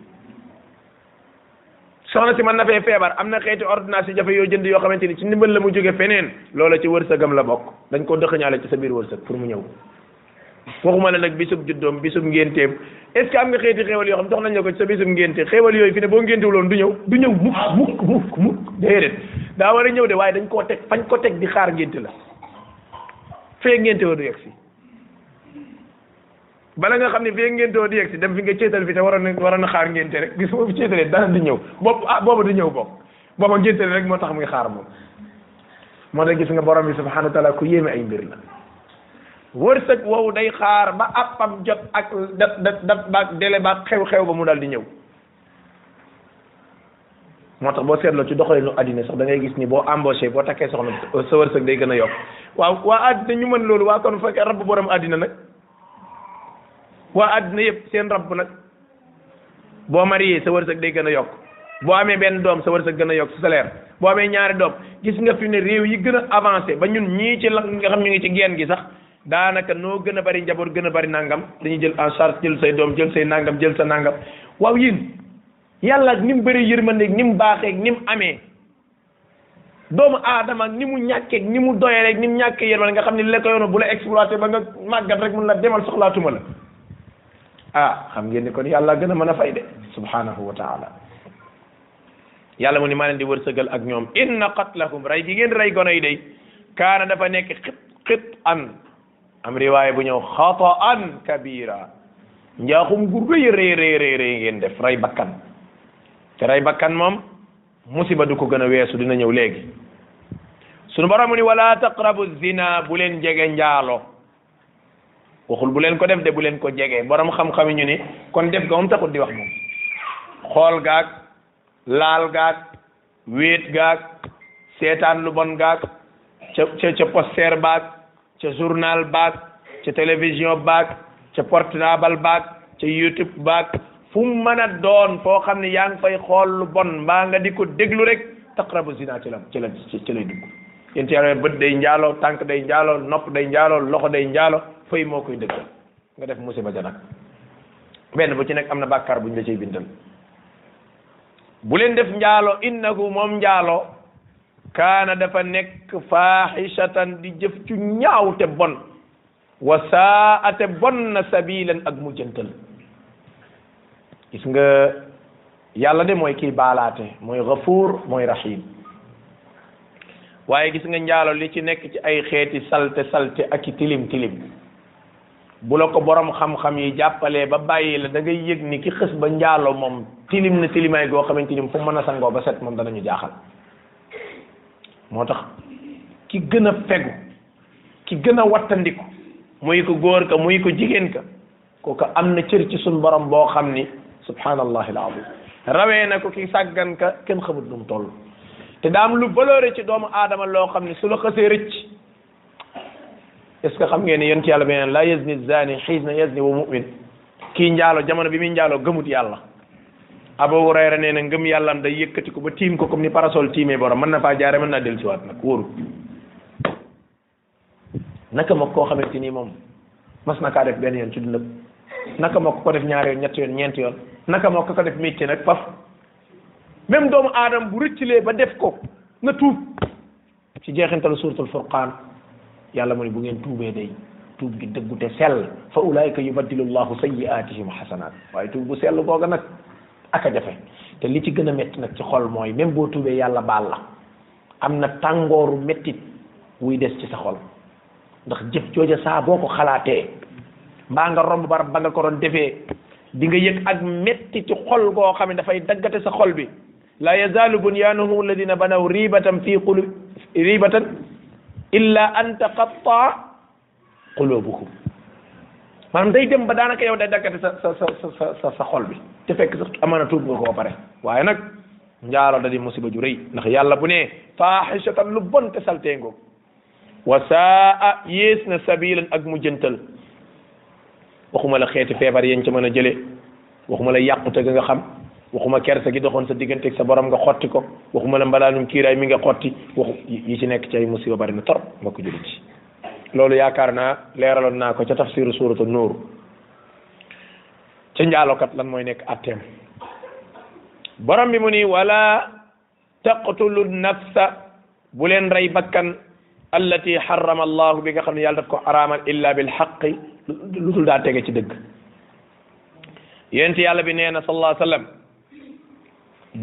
soxna si man na fee feebar am na xeeti ordonnance yu jafe yoo jënd yoo xamante ni ci ndimbal la mu jóge feneen loola ci wërsëgam la bokk dañ ko dëxëñaale ci sa biir wërsëg pour mu ñëw ma la nag bisub juddoom bisub ngénteem est ce que am nga xeeti xéewal yoo xam jox nañ la ko ci sa bisub ngénte xéewal yooyu fi ne boo ngéntewuloon du ñëw du ñëw mukk ah. mukk mukk mukk déedéet daa war a ñëw de waaye dañ koo teg fañ ko teg di xaar ngénte la fee ngénte woo du yegg si bala xam ne fee ngénte woo du yegg si dem fi nga céetal fi te waroon na waroon xaar ngénte rek bis boo fi céetalee di ñëw boobu ah boobu du ñëw bokk booba ngénte rek moo tax muy xaar moom moo tax gis nga borom bi subhanahu wa taala ku yéeme ay mbir la wërsëg woowu day xaar ba ab àppam jot ak dat dat dat baag xew-xew ba mu daal di ñëw moo tax boo seetloo ci doxalinu àddina sax da ngay gis ni boo embauché boo takkee soxna sa wërsëg day gën a yokk waaw waa addina ñu mën loolu waa kon fekkee rabb borom addina nag waa addina yëpp seen rabb nag boo marié sa wërsëg day gën a yokk boo amee benn doom sa wërsëg gën a yokk sa salaire boo amee ñaari doom gis nga fi ne réew yi gën a avancé ba ñun ñii ci la nga xam ñu ngi ci geen gi sax daanaka noo gën a bari njaboot gën a bari nangam dañuy jël en charge jël say doom jël say nangam jël sa nangam waaw yéen yàlla ni mu bëri yërmandeeg ni mu baaxeeg ni mu amee doomu adama ni mu ñàkkeeg ni mu doyee ni mu ñàkkee yërmande nga xam ne la ko bu la exploité ba nga màggat rek mun la demal soxlaatuma la ah xam ngeen ni kon yàlla gën a mën a fay de subhanahu wa taala yàlla mu ni maa leen di wërsëgal ak ñoom inna qatlahum rey gi ngeen rey gone yi day am riwaaya bu ñëw xataan kabira njaaxum gu rëy rëy rëy rëy ngeen def rey bakkan te rey bakkan moom musiba du ko gën a weesu dina ñëw léegi sunu borom mu ni wala taqrabu zina bu leen jege njaalo waxul bu leen ko def de bu leen ko jege borom xam-xam ñu ni kon def ga moom taxut di wax moom xool gaag laal gaag wéet gaag seetaan lu bon gaag ca ca baag ca journal baag ca télévision baag ca portable baag ca youtube baag fu mu mën a doon foo xam ne yaa ngi fay xool lu bon mbaa nga di ko déglu rek taqrabu zina ci la ci la ci dugg yéen ci yàlla bët day njaaloo tànk day njaaloo nopp day njaaloo loxo day njaaloo fay moo koy dëggal nga def musiba ja nag benn bu ci nekk am na bàkkaar bu ñu la cay bindal bu leen def njaaloo innahu moom njaaloo kaana dafa nekk faaxisatan di jëf ci ñaaw te bon wa saa bon na sabilan ak mujjantal gis nga yàlla de mooy kiy baalaate mooy gafuur mooy rahim waaye gis nga njaalo li ci nekk ci ay xeeti salte salte ak i tilim tilim bu la ko borom xam-xam yi jàppalee ba bàyyi la da ngay yëg ni ki xës ba njaalo moom tilim na tilimaay goo xamante ni fu mën a sangoo ba set moom dana danañu jaaxal moo tax ki gën a fegu ki gën a wattandiku muy ko góor ka muy ko jigéen ka kooka am na cër ci suñ borom boo xam ni subhanallahi alazim rawee na ko ki sàggan ka kenn xamut nu mu toll te daam lu valeur ci doomu aadama loo xam ne su la xasee rëcc est-ce que xam ngeen ne yonent yàlla beneen la yazni zani xiina yazni wa mu'min kii njaalo jamono bi muy njaalo gëmut yàlla Abu Hurayra nee na ngëm yàllaam day yëkkati ko ba tiim ko comme ni parasol tiimee borom mën na faa jaare mën naa dellusiwaat nag wóoru naka ma koo xamante nii moom mas na kaa def benn yoon ci dundam naka mook ko def ñaare yoon ñetti yoon ñeenti naka ma ko def métier nag paf même doomu aadama bu rëccilee ba def ko nga tuub ci jeexintalu suuratul furqaan yàlla mu ne bu ngeen tuubee day tuub gi dëggu te sell fa ulaayika yubaddilu llahu sayyi'aatihim xasanaat waaye ak jafe te li ci gën a metti nag ci xol mooy même boo tuubee yàlla baal la am na tàngooru mettit wuy des ci sa xol ndax jëf jooja saa boo ko xalaatee mbaa nga romb barab ba nga ko defee di nga yëg ak métti ci xol goo xam ne dafay daggate sa xol bi laa yazaalu bunyanuhum alladina banaw ribatan fi qulub ribatan illa an taqattaa qulubuhum maanaam day dem ba daanaka yow day dakkati sa sa sa sa sa xol bi te fekk sax amaana tuub nga ko ba pare waaye nag njaalo da di musiba ju rëy ndax yàlla bu ne faaxisatan lu bon te saltee ngoog wa saa yées na sabilan ak mujjantal waxuma la xeeti feebar yéen ca mën a jëlee waxuma la yàqute ga nga xam waxuma kersa gi doxoon sa diggante ak sa borom nga xotti ko waxuma la mbalaalum kiiraay mi nga xotti waxu yi ci nekk ci ay musiba bari na torop mbokk jullit ci loolu yaakaar naa leeraloon naa ko ca tafsiru suuratu nuur ca njaalokat lan mooy nekk atteem borom bi mu ni wala taqtulu nafsa bu leen rey bakkan allati harrama allahu bi nga xam ne yàlla daf ko xaraamal illa bil xaqi daa tege ci dëgg yonent yàlla bi nee na sallallahu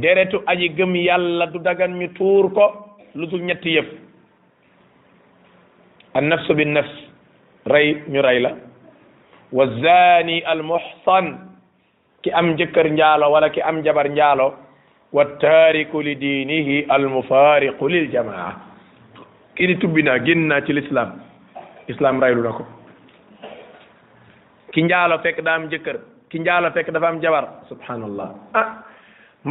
deretu aji gëm yàlla du dagan mi tuur ko lu ñetti yëpp النفس بالنفس ري ني والزاني المحصن كي ام جكر نجالو ولا كي ام جبر نجالو والتارك لدينه المفارق للجماعه كي ني توبينا جننا تي الاسلام اسلام ري لو نكو كي نجالو فك دام جكر كي نجالو فك دا فام جبر سبحان الله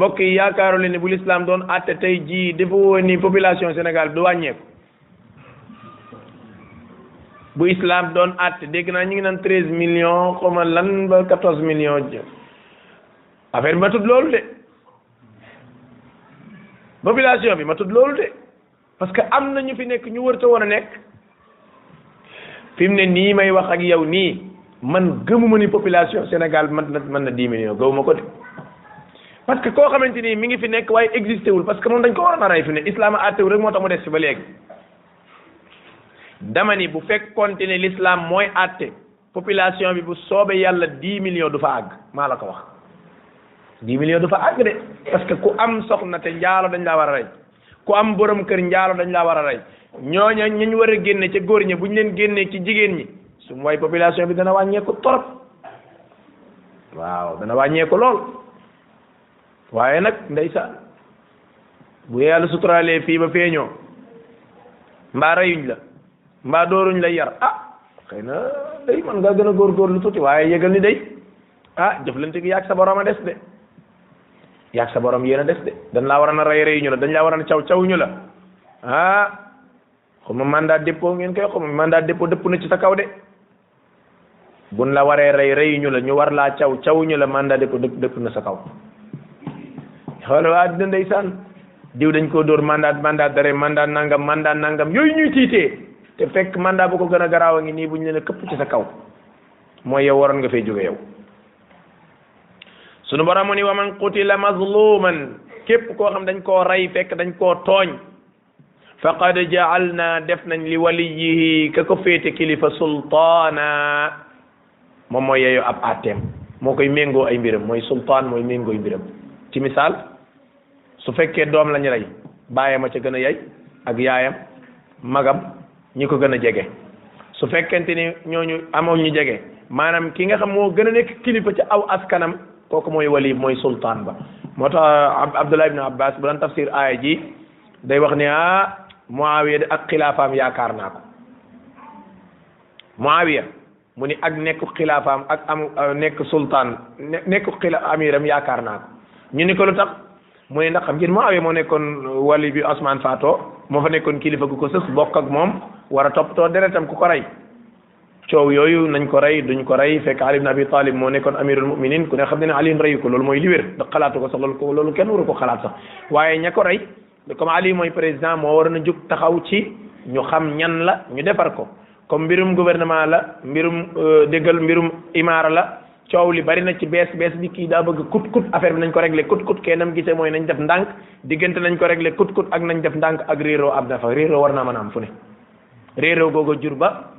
مكي ياكارو لي ني بو الاسلام دون اتي تي جي ديفو ني بوبولاسيون سينيغال دو وانيكو bu islam doon àtte dégg naa ñu ngi naan treize millions xoma lan ba quatorze million jë affaire bi ma tudd loolu de population bi ma tudd loolu de parce que am na ñu fi nekk ñu wërta woon a nekk fi ne nii may wax ak yow nii man gëmuma ni population Sénégal man na mën na dix millions gëmuma ko de parce que koo xamante nii mi ngi fi nekk waaye existé wul parce que moom dañ ko waroon a rey fi ne islam a àttewul rek moo tax ma des fi ba léegi dama ni bu fekkonte ne lislaam mooy àtte population bi bu soobee yàlla dix millions du fa àgg maa la ko wax dix millions du fa àgg de parce que ku am soxna te njaalo dañ laa war a rey ku am borom kër njaalo dañ la war a rey ñooña ñu war a génne ca góor ñi bu ñu leen génnee ci jigéen ñi su mooy population bi dana wàññeeku torop waaw dana wàññeeku lool waaye nag sa bu yàlla suturaalee fii ba feeñoo mbaa reyuñ la mbaa dooruñ lay yar ah xëy na day man ngaa gën a góorgóorlu tuuti waaye yëgal ni day ah jëflante gi yaag sa borom a des de yaag sa borom yéen a des de dañ laa war a na rey rey ñu la dañ laa war a na caw caw ñu la ah xuma mandat dépôt ngeen koy xuma mandat dépôt na ci sa kaw de buñ la waree rey rey ñu la ñu war laa caw caw ñu la mandat dépôt dëpp na sa kaw xool waa dina ndeysaan diw dañ koo dóor mandat mandat dare mandat nangam mandat nangam yooyu ñuy tiitee te fekk mandat bu ko gën a garaaw a ngi nii bu ñu leen a këpp ci sa kaw mooy yow waroon nga fay jóge yow sunu borom mu ni wa qutila mazluman képp koo xam dañ koo rey fekk dañ koo tooñ faqad ja'alna def nañ li waliyihi ka ko féete kilifa sultaana moom mooy yeeyo ab atteem moo koy méngoo ay mbiram mooy sultaan mooy méngoo mbiram ci misaal su fekkee doom lañu rey baayam a ca gën a yey ak yaayam magam ñi ko gën a jege su fekkent ni ñooñu amoon ñu jege maanaam ki nga xam moo gën a nekk kilifa ci aw askanam kooku mooy wali mooy sultaan ba moo tax Abdullah ibn Abbas bu daan tafsir aaya ji day wax ne ah Muawiya de ak xilaafaam yaakaar naa ko Muawiya mu ni ak nekk xilaafaam ak am euh, nekk sultaan nekk xila amiram yaakaar naa ñu ni ko lu tax mu ne ndax xam ngeen Muawiya moo nekkoon wali bi Ousmane Fato moo fa nekkoon kilifa gu ko sës bokk ak moom war a too deretam ku ko rey coow yooyu nañ ko rey duñ ko rey fekk Ali ibn Abi Talib moo nekkoon amirul muminin ku ne xam ne ne Ali reyu ko loolu mooy li xalaatu ko sax loolu ko kenn waru ko xalaat sax waaye ña ko rey comme Ali mooy président moo war na jóg taxaw ci ñu xam ñan la ñu defar ko comme mbirum gouvernement la mbirum euh, déggal mbirum imaara la coow li bari na ci bees bees bi kii daa bëgg kut kut affaire bi nañ ko régler kut kut kennam mooy nañ def ndànk diggante nañ ko régler kut kut ak nañ def ndànk ak réeroo am na war naa mën a am fu réeréew googu jur ba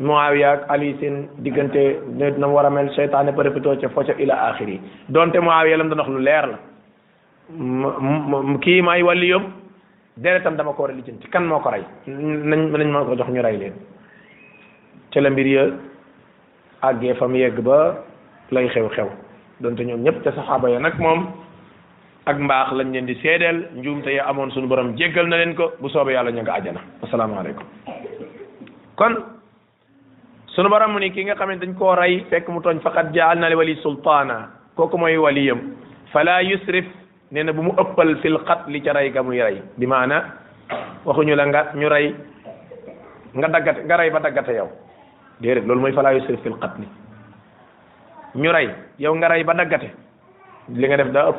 Muawiya ak Ali seen diggante na mu war a mel seytaane përëpitoo ca foca ila axiri donte Muawiya lam doon wax lu leer la kii maay wàlli yóm deretam dama ko war ci lijjanti kan moo ko rey nañ nañ ma ko jox ñu rey leen ca la mbir ya àggee fa mu yegg ba lay xew-xew donte ñoom ñëpp ca saxaaba ya nag moom ak mbaax lañ leen di seedeel njuumte ya amoon suñu borom jéggal na leen ko bu soobee yàlla ña nga àjjana asalaamaaleykum kon sunu borom mu ni ki nga xam ne dañ koo rey fekk mu tooñ faqat jaal na li wali sultaana kooku mooy waliyam fala yusrif nee na bu mu ëppal fil qatli ca rey ga muy rey bi maana waxuñu la nga ñu rey nga daggate nga rey ba daggate yow déedéet loolu mooy fala yusrif fil qatli ñu rey yow nga rey ba daggate li nga def daa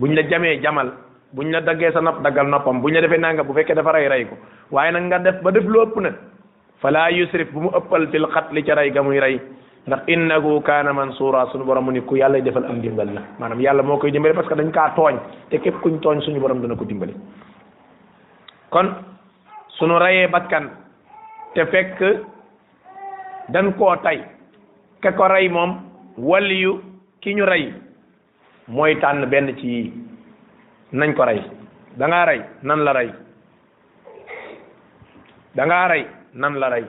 bu ñu la jamee jamal ñu la daggee sa nopp daggal noppam buñ la defee nanga bu fekkee dafa rey rey ko waaye nag nga def ba def lu ëpp nag fala yusrif bu mu ëppal fil xat li ca rey ga muy rey ndax innahu kaanamaan mansuura suñu borom mu ni ku yàlla defal am dimbal na maanaam yàlla moo koy dimbali parce que dañ kaa tooñ te képp kuñ tooñ suñu borom dana ko dimbali kon suñu rayee bakkan te fekk dañ koo tay ka ko rey moom waliyu ki ñu rey mooy tànn benn ci yii nañ ko rey dangaa ngaa rey nan la rey da nan la rey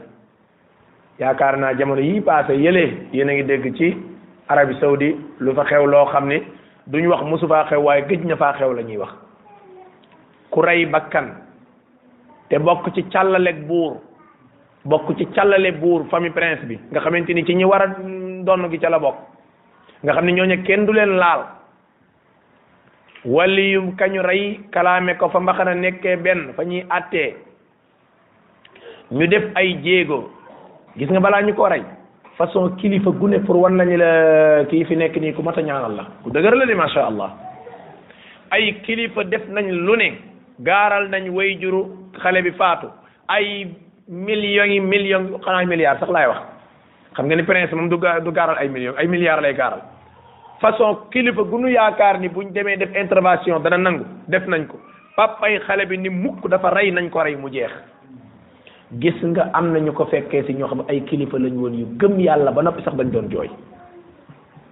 yaakaar naa jamono yii paase yële yéen a ngi dégg ci Arabie Saoudi lu fa xew loo xam ne duñ wax mosu faa xew waaye gëj na faa xew la ñuy wax ku rey bakkan te bokk ci càllaleeg buur bokk ci càllale buur famille prince bi nga xamante ni ci ñi war donn gi ca la bokk nga xam ne ñooñu kenn du leen laal waliyum kañu rey kalaame ko fa mbaxana nekkee benn fa ñuy àttee ñu def ay jéego gis nga balaa ñu ko rey façon kilifa gune pour wan nañu la kii fi nekk nii ku mat a ñaanal la ku dëgër la de macha ay kilifa def nañ lu ne gaaral nañ way juru xale bi faatu ay millions yi millions xanaa milliards sax laay wax xam nga ni prince moom du gaaral ay millions ay milliards lay gaaral façon kilifa gu nu yaakaar ni buñ demee def intervention dana nangu def nañ ko papay xale bi ni mukk dafa rey nañ ko rey mu jeex gis nga am na ñu ko fekkee si ñoo xam ay kilifa lañ woon yu gëm yàlla ba noppi sax dañ doon jooy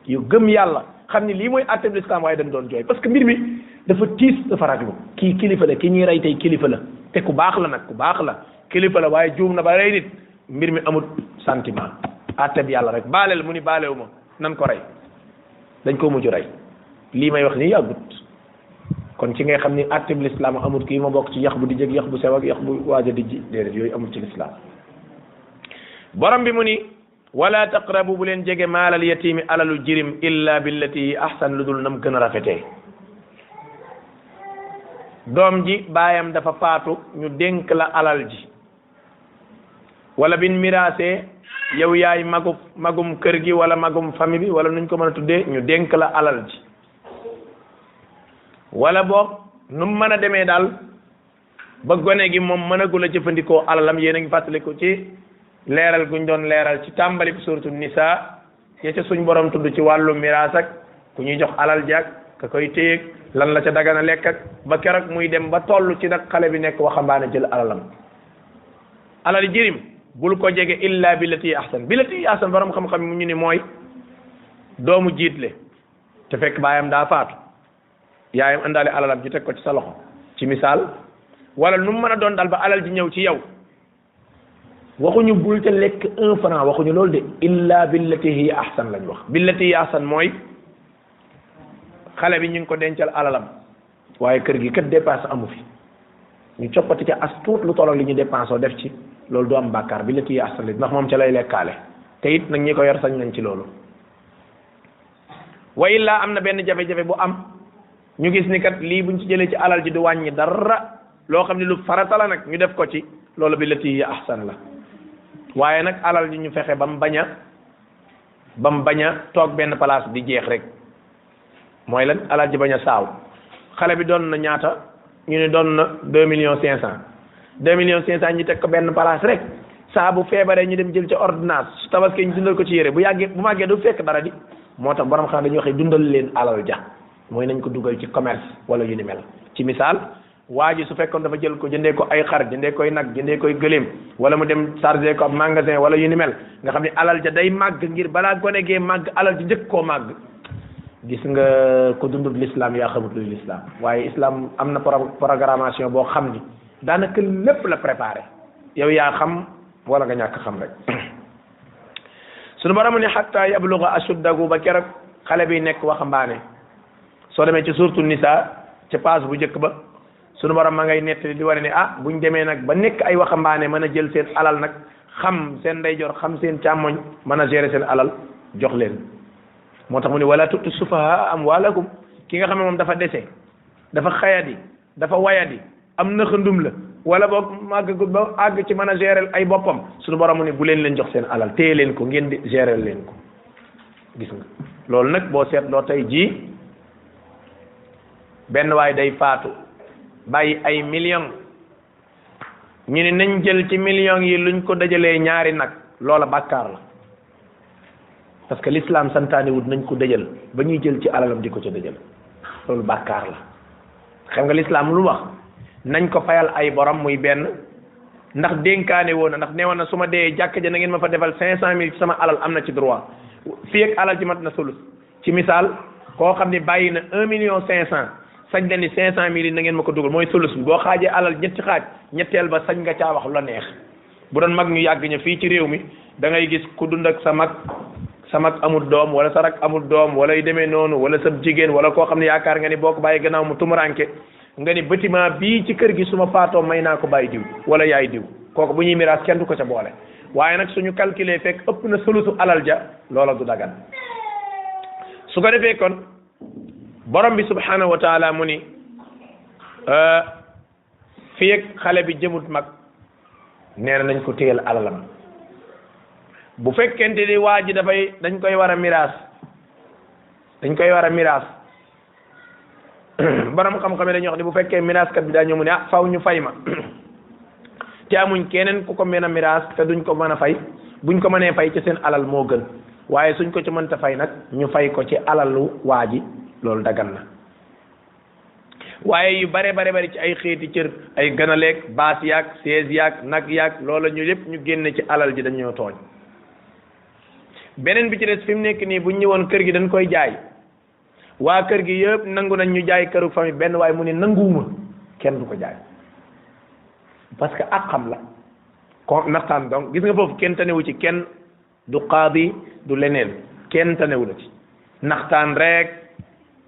yu gëm yàlla xam ni lii mooy àtte bi lislaam waaye dañ doon jooy parce que mbir mi dafa tiis dafa raglu kii kilifa la ki ñuy rey tey kilifa la te ku baax la nag ku baax la kilifa la waaye juum na ba rey nit mbir mi amul sentiment àtte yàlla rek baaleel mu ni baalewu ma nan ko rey dañ koo mujj rey lii may wax nii yàggut kon ci ngay xam ni attib lislaam amul kii ma bokk ci yax bu di jëg yax bu sew ak yax bu waaj a dijji déedéet yooyu amul ci lislaam borom bi mu ni wala taqrabu bu leen jege maalal yatiimi alalu jirim illa billati ahsan lu dul nam gën a rafetee doom ji baayam dafa faatu ñu dénk la alal ji wala bin miraasee yow yaay magu magum kër gi wala magum famille bi wala nuñ ko mën a tuddee ñu dénk la alal ji wala boog nu mën a demee daal ba gone gi moom mën a gula jëfandikoo alalam yéen a ngi fàttaliku ci leeral guñ doon leeral ci tàmbali bi suratu nisa ya ca suñ borom tudd ci wàllu miraas ak ku ñuy jox alal ji ak ka koy téyeg lan la ca dagana lekk ak ba keroog muy dem ba toll ci nag xale bi nekk waxambaane jël alalam alal jirim bul ko jege illa billati ahsan billati ahsan borom xam-xam mu ñu ni mooy doomu jiitle te fekk baayam daa faatu yaayam àndaale alalam ji teg ko ci sa loxo ci misaal wala nu mu mën a doon daal ba alal ji ñëw ci yow waxuñu bul te lekk un franc waxuñu loolu de illa billati hiya ahsan lañ wax billati hiya ahsan mooy xale bi ñu ngi ko dencal alalam waaye kër gi kat dépense amu fi ñu coppati ca as tuut lu tolloog li ñu dépensé def ci loolu du am bàkkaar bi la ci yaasali ndax moom ca lay lekkaale te it nag ñi ko yor sañ nañ ci loolu wa illa am na benn jafe-jafe bu am ñu gis ni kat lii buñ ci jëlee ci alal ji du wàññi dara loo xam ne lu farata la nag ñu def ko ci loolu bi la ci ahsan la waaye nag alal ji ñu fexe ba mu bañ a ba mu bañ a toog benn place di jeex rek mooy lan alal ji bañ a saaw xale bi doon na ñaata ñu ne doon na deux millions cinq 2 millions 500 ñi tek ko benn place rek sa bu feebare ñu dem jël ci ordonnance su tabaski ñu dundal ko ci yére bu yàggee bu màggee du fekk dara di moo tax borom xam dañuy waxee dundal leen alal ja mooy nañ ko dugal ci commerce wala yu ni mel ci misaal waaji su fekkoon dafa jël ko jëndee ko ay xar jëndee koy nag jëndee koy gëleem wala mu dem chargé ko magasin wala yu ni mel nga xam ne alal ja day màgg ngir balaa gone gee màgg alal ji njëkk koo màgg gis nga ko dundul l'islam yaa xamut l'islam waaye islam am na programmation boo xam ni daanaka lépp la préparé yow yaa xam wala nga ñàkk xam rek sunu borom ni xatta yabluga ashuddahu ba keroog xale bi nekk waxambaane soo demee ci suurtu nisa ci paas bu njëkk ba sunu borom ma ngay nettali di wane ne ah buñ demee nag ba nekk ay waxambaane mën a jël seen alal nag xam seen ndeyjoor xam seen càmmoñ mën a gérer seen alal jox leen moo tax mu ne wala am sufaha amwalakum ki nga xam ne moom dafa dese dafa xayadi dafa wayadi am na xëndum la wala boog màggagut ba àgg ci mën a gérer ay boppam suñu borom mu ne bu leen leen jox seen alal téye leen ko ngeen di gérer leen ko gis nga loolu nag boo seet seetloo tey jii benn waay day faatu bàyyi ay millions ñu ne nañ jël ci million yi luñ ko dajalee ñaari nag loola bàkkaar la parce que l'islam santaane wut nañ ko dajal ba ñuy jël ci alalam di ko ca dajal loolu bàkkaar la xam nga l'islam lu wax nañ ko fayal ay borom muy benn ndax dénkaane woon na ndax nee woon na su ma dee jàkk ja na ngeen ma fa defal cinq cent mille sama alal am na ci droit fii alal ci mat na sulus ci misaal koo xam ne bàyyi na un million cinq cent sañ na ni cinq cent mille yi na ngeen ma ko dugal mooy sulus bi boo xaajee alal ñetti xaaj ñetteel ba sañ nga caa wax la neex bu doon mag ñu yàgg ña fii ci réew mi dangay gis ku dund ak sa mag sa mag amul doom wala sa rak amul doom wala yu demee noonu wala sa jigéen wala koo xam ne yaakaar nga ni boo ko bàyyi gannaaw mu tumuranke nga ni bâtiment bii ci kër gi suma ma may naa ko bàyyi diw wala yaay diw kooku bu ñuy miraas kenn du ko ca boole waaye nag suñu calculer fekk ëpp na solutu alal ja loola du dagan su ko defee kon borom bi subhanahu wa taala mu ni euh, fii ak xale bi jëmut mag nee nañ ko téyel alalam bu fekkente ni waa ji dafay dañ koy war a miraas dañ koy war a miraas baram xam-xam yi dañuy wax ne bu fekkee miraas kat bi daa ñëw mu ne ah, ñu fay ma te amuñ keneen ku ko mën a miraas te duñ ko mën a fay buñ ko mënee fay ci seen alal moo gën waaye suñ ko ci mënta fay nag ñu fay ko ci alalu waa ji loolu dagan na waaye yu bare bare bari ci ay xeeti cër ay gënaleeg baas yàgg sees yaag nag yaag loola ñu yëpp ñu génne ci alal ji dañoo tooñ beneen bi ci des fi mu nekk nii buñ ñëwoon kër gi dañ koy jaay waa kër gi yëpp nangu nañ ñu jaay këru famille benn waaye mu ne nanguwuma kenn du ko jaay parce que ak xam la ko naxtaan donc gis nga foofu kenn ci kenn du qaadi du leneen kenn tanewu la ci naxtaan rek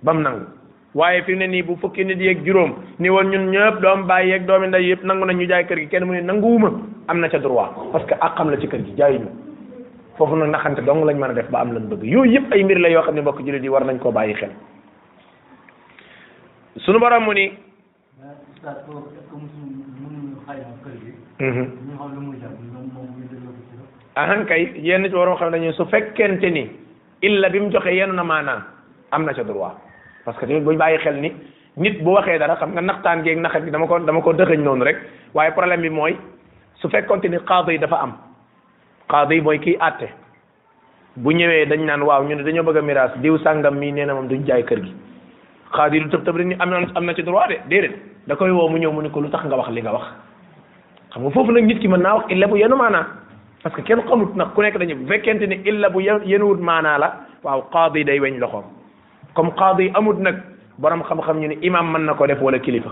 bam nangu waaye fi mu ne nii bu fukki nit yeeg juróom ni woon ñun ñëpp doom bàyyi yeeg doomi nday yëpp nangu nañ ñu jaay kër gi kenn mu ne nanguwuma am na ca droit parce que ak xam la ci kër gi jaayuñu foofu nag naxante dong lañ mën a def ba am lañ bëgg yooyu yëpp ay mbir la yoo xam ne mbokk jullit yi war nañ koo bàyyi xel sunu borom mu ni. Mhm. yenn ci waroon xam dañu su fekkente ni illa bi mu joxe yenn na maanaam am na ca droit parce que tamit buñ bàyyi xel ni nit bu waxee dara xam nga naxtaan geeg naxat gi dama ko dama ko dëxëñ noonu rek waaye problème bi mooy su fekkonte ni xaado yi dafa am qaadi mooy kii àtte bu ñëwee dañ naan waaw ñu ne dañoo bëgg a miraas diw sàngam mii nee na moom duñ jaay kër gi xaadi lu tëb tëb rek ni am na am na ci droit de déedéet da koy woow mu ñëw mu ne ko lu tax nga wax li nga wax xam nga foofu nag nit ki mën naa wax illa bu yenu maanaa parce que kenn xamut nag ku nekk dañu bu fekkente ni illa bu yenuwut maanaa la waaw qaadi day weñ loxoom comme qaadi amut nag borom xam-xam ñu ne imam mën na ko def wala kilifa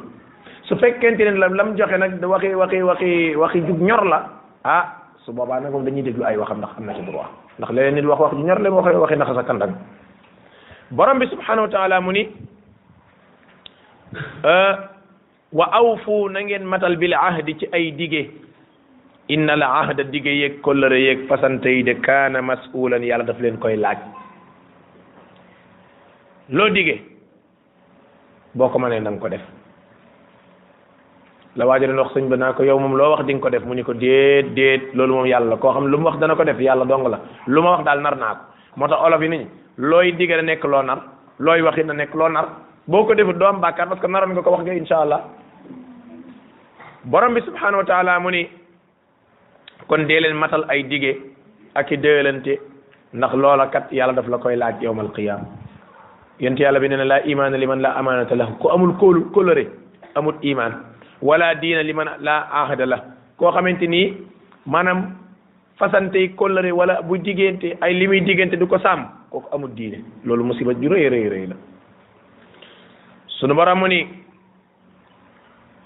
su fekkente ne lam lam joxe nag waxi waxi waxi waxi jug ñor la ah su boobaa nag moom dañuy déglu ay waxam ndax am na ci droit ndax léeg nit wax wax ju ñor leen waxee waxi naxas ak kandang borom bi subhanahu wa mu ni euh, waaw awfu na ngeen matal bil ahdi ci ay dige inna la ahda dige yeeg kollëre yeeg fasante yi de kaana masulan yàlla daf leen koy laaj loo dige boo ko ma ne nga ko def la waajo doon wax sëñ ba naa ko yow moom loo wax di nga ko def mu ni ko déet déet loolu moom yàlla koo xam lu mu wax dana ko def yàlla dong la lu ma wax daal nar naa moo tax olof yi niñ looy digga nekk loo nar looy waxi na nekk lool nar boo ko defut doom am bàkkaar parce que naroon nga ko wax nga insha allah borom bi subhanahu wa taala mu ni kon dee matal ay dige ak i déelante ndax loola kat yàlla daf la koy laaj yawmal qiyaam yent yàlla bi nee na laa imaana liman laa amaanata lahu ku amul kóolu kóolëre amul imaan wala diina liman man la ahada la koo xamante ni maanaam fasante kollëre wala bu diggante ay li muy diggante du ko sàmm kooku amul diine loolu musiba ju rëy rëy rëy la sunu borom mu ni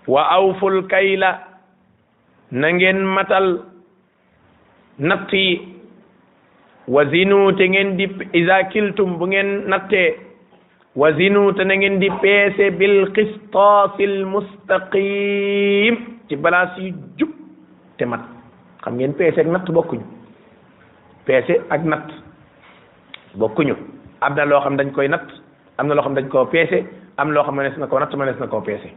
wa awful kayla na ngeen matal natt yi wa zinu te ngeen di iza kiltum bu ngeen nattee wasinu te na ngeen di peese bil qistaasil mustaqim ci balance yu jub te mat xam ngeen peese ak natt bokkuñu peese ak natt bokkuñu am na loo xam dañ koy natt am na loo xam dañ koo peese am loo xam mënees na koo natt mënees na koo peese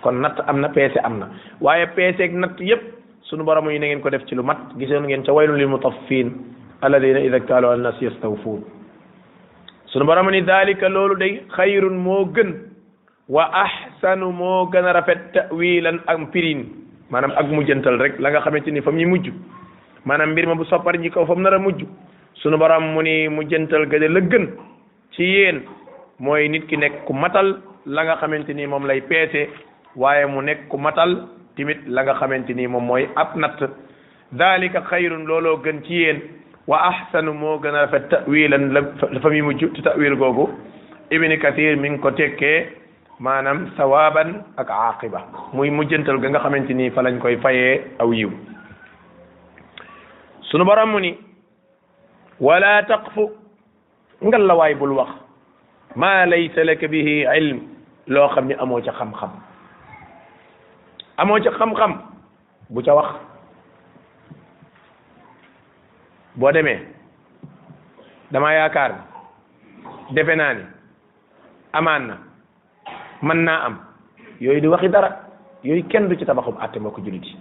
kon natt am na peese am na waaye peese ak natt yépp sunu borom yi na ngeen ko def ci lu mat gisoon ngeen ca waylun lil mutaffin na ida kaalu ala nas yastawfuun nu borom ni dalika loolu day xayrun moo gën wa ahsanu moo gën a rafet tawilan ak firin maanaam ak mujjantal rek la nga xamante ni fa mu mujj maanaam mbir ma bu soppar ñi kaw fa mu nar a mujj sunu borom mu ni mujjantal ga de la gën ci yéen mooy nit ki nekk ku matal la nga xamante ni moom lay peese waaye mu nekk ku matal timit la nga xamante ni moom mooy ab natt dalika xayrun looloo gën ci yéen واحسن موغنا في التاويل فمي مج تاويل غوغو ابن كثير من كوتيك مانام ثوابا اك عاقبه موي مجنتال غا خامتيني فا كوي فايي او يو سونو ولا تقف نغال لا واي ما ليس لك به علم لو خامني امو تي خام خام امو تي خام boo demee dama yaakaar ni defe naa ni amaan na mën naa am yooyu di waxi dara yooyu kenn du ci tabaxum àtte moo ko jullit yi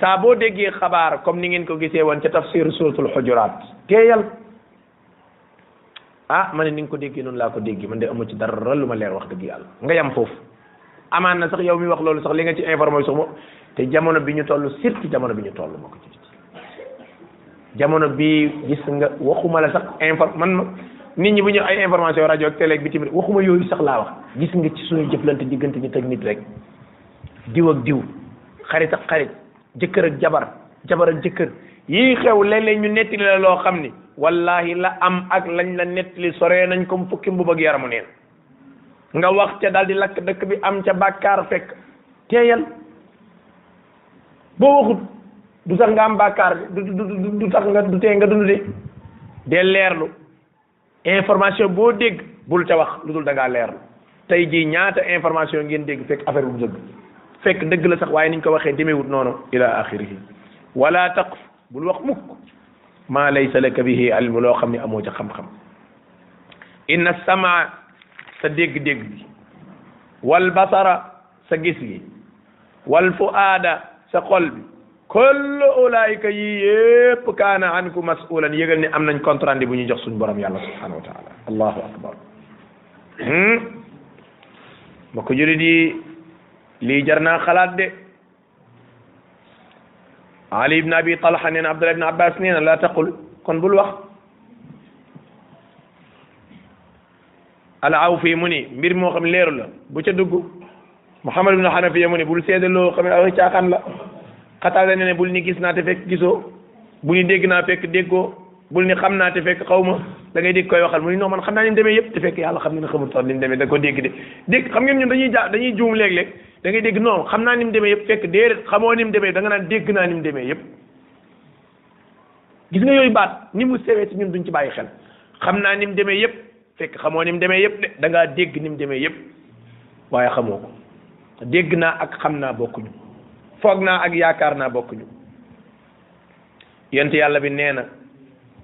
saa boo déggee xabaar comme ni ngeen ko gisee woon ca tafsir suratul xujuraat teeyal ah ma ne ni nga ko déggee noonu laa ko déggee man de amu ci dara lu ma leer wax dëgg yàlla nga yam foofu amaan na sax yow mi wax loolu sax li nga ci informé sax mo te jamono bi ñu toll surtout jamono bi ñu toll moo ko jullit jamono bii gis nga waxuma la sax infor man ma nit ñi bu ñu ay information rajo ak télé ak bitim waxuma yooyu sax laa wax gis nga ci suñu jëflante diggante nit ak nit rek diw ak diw xarit ak xarit jëkkër ak jabar jabar ak jëkkër yii xew léeg-léeg ñu nettali la loo xam ni wallahi la am ak lañ la nettali soree nañ comme fukki mbubb ak yaramu neen nga wax ca daal di lakk dëkk bi am ca bakkaar fekk teeyal boo waxut du tax nga am bàkkaar du du tax nga du tee nga dund de dee leerlu information boo dégg bul ca wax lu dul da ngaa leerlu tey jii ñaata information ngeen dégg fekk affaire bu dëgg fekk dëgg la sax waaye niñ ko waxee demewut noonu ila axirihi wala taqf bul wax mukk maa laysa laka bihi ilmu loo xam ne amoo ca xam-xam inna samaa sa dégg-dégg bi wal basara sa gis gi wal fuaada sa xol bi kullu ulaayika yii yépp kaana anku masulan yëgal ni am nañ compte rendu bu ñuy jox suñu borom yàlla subhanahu wa taala allahu akbar hmm? mbokk julit yi lii jar naa xalaat de ali ibn abi talha nee na abdullah ibn abbas nee na laa taqul kon bul wax al awfi mu ni mbir moo xam leeru la bu ca dugg muhammad ibn hanafiya mu ni bul seede loo xam ne ay caaxaan la xataale na ne bul ni gis naa te fekk gisoo bu ni dégg naa fekk déggoo bul ni xam naa te fekk xaw ma da ngay dégg koy waxal mu ni non man xam naa ni mu demee yëpp te fekk yàlla xam ne ne xamul sax ni mu demee da dégg xam ngeen ñun dañuy ja dañuy juum léeg-léeg da ngay dégg non xam naa ni mu demee yëpp fekk déedéet demee da nga naan dégg naa ni gis nga yooyu baat ni mu sewee ci ñun duñ ci bàyyi xel xam naa ni mu demee yëpp fekk xamoo ni mu demee yëpp dangaa dégg ni mu demee yëpp waaye xamoo ko dégg naa ak xam naa bokkuñu foog naa ak yaakaar naa bokkuñu yonent yàlla bi nee na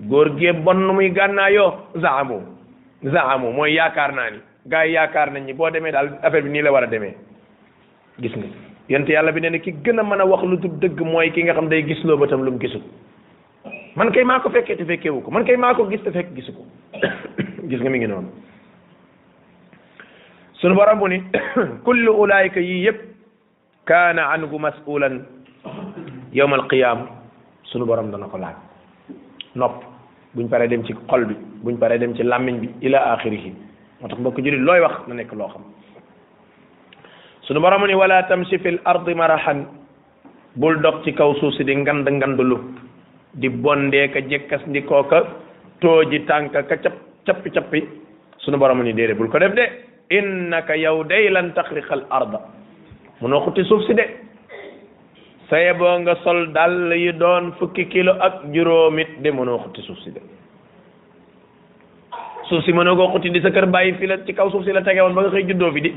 góor gee bon nu muy gànnaayoo sa zaamu mooy yaakaar naa ni gaa yi yaakaar nañ ni boo demee daal affaire bi nii la war a demee gis nga yonent yàlla bi nee na ki gën a mën a wax lu dul dëgg mooy ki nga xam day gis loo ba tam lu mu gisul man kay maa ko fekkee te fekkewu ko man kay maa ko gis te fekk gisu ko gis nga mi ngi noonu sunu borom bu ni kullu ulaayika yii yëpp kaana anhu masulan yowma alqiyama sunu borom dana ko laaj nopp buñ paree dem ci xol bi buñ paree dem ci làmmiñ bi ila axirihi moo tax mbokk jullit looy wax na nekk loo xam sunu borom ni wala tamshi fil ardi marahan bul dog ci kaw suuf si di ngand ngandlu di bondee ka jekkas ndikoo tooji tànk ka cappi cappi sunu borom ni déedéet bul ko def de innaka yow day lan taxriqa al mu noquti suuf si de sa boo nga sol dàll yi doon fukki kilo ak juróomit de mënoo xuti suuf si de suuf si mënoo koo xuti di sa kër bàyyi fi la ci kaw suuf si la tegewoon ba nga xëy juddoo fi di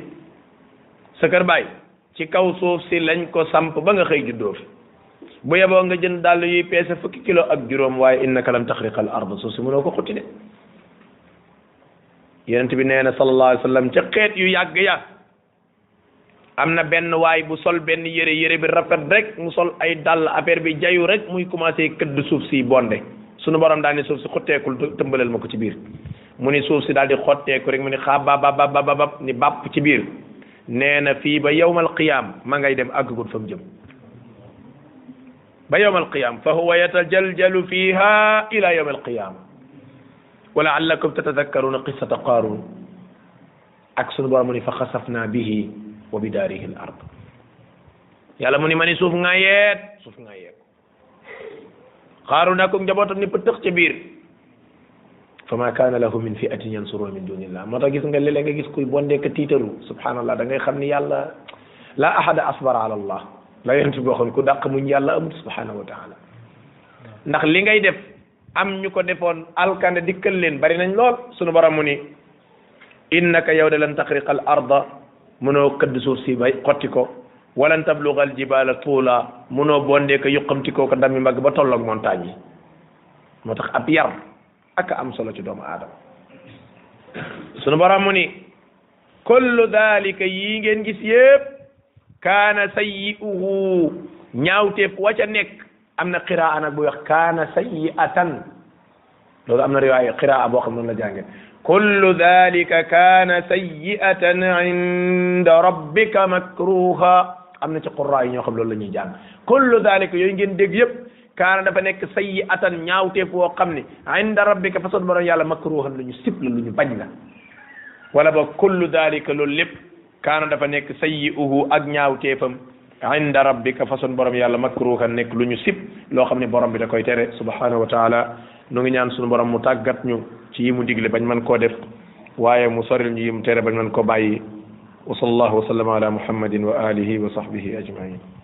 sa kër bàyyi ci kaw suuf si lañ ko samp ba nga xëy juddoo fi bu yeboo nga jënd dàll yuy peese fukki kilo ak juróom waaye innaka lam taxriqal ard suuf si munoo ko xuti de yonent bi neena na sallallahu alayhi wa xeet yu yàgg ya amna ben way bu sol ben yére yére bi rafet rek mu sol ay dal affaire bi jayu rek muy commencer keud souf ci bonde sunu borom daal ni suuf si xotteekul tëmbaleel ma ko ci biir mu ni suuf si daal di xotteeku rek ba ba ba ni bap ci bir nee fi ba yowmal qiyam ma ngay dem àggagul fam jëm ba yowmal qiyam fa huwa yatajaljalu fiha ila yowmal qiyam wala allakum tatadakkaruna qissata qarun ak sunu borom ni fa khasafna bihi wa bi daarihi yàlla mu ni ma ni suuf nga yeet suuf nga yeet xaaru naa ko njabootam ni pëtëx ca biir fa ma kaana lahu min fi'atin yansuruna min dunillah moo tax gis nga léeg-léeg nga gis kuy bondeeka tiitaru subhanallah da ngay xam ni yàlla la ahada asbara allah la yonent bi waxoon ku dàq muñ yàlla amul subhanahu wa taala ndax li ngay def am ñu ko defoon alkande dikkal leen bari nañ lool sunu borom mu ni innaka yow de lan taxriqa al mënoo këdd suuf si ba xotti ko walan tablugal jibaala tuula mënoo bondee ko yuqamti koo ko ndami mbagg ba tolloog montagne yi moo tax ab yar ak am solo ci doomu aadama sunu borom mu ni kullu dalika yii ngeen gis yépp kaana sayyi'uhu ñaawteef wa ca nekk am na qiraa nag buy wax kaana sayyi'atan loolu am na riwaaya qiraa boo xam noonu la jànge kullu dalika kaana sayyi'atan inda rabbika makruha am na ci qurra yi ñoo xam loolu la ñuy jàng kullu dalika yooyu ngeen dégg yëpp kaana dafa nekk sayyi'atan ñaawteef woo xam ne inda rabbika fa sot borom yàlla makruhan lu ñu sib la lu ñu bañ la wala ba kullu loolu lépp kaana dafa nekk sayyi'uhu ak ñaawteefam inda rabbika fa sot borom yàlla makruhan nekk lu ñu sib loo xam ne borom bi da koy tere subhanahu wa nu ngi ñaan suñu borom mu tàggat ñu ci yi mu digle bañ man koo def waaye mu soril ñu yi mu tere bañ man ko bàyyi wa sallallahu wa sallam ala muhammadin wa alihi wa sahbihi ajmain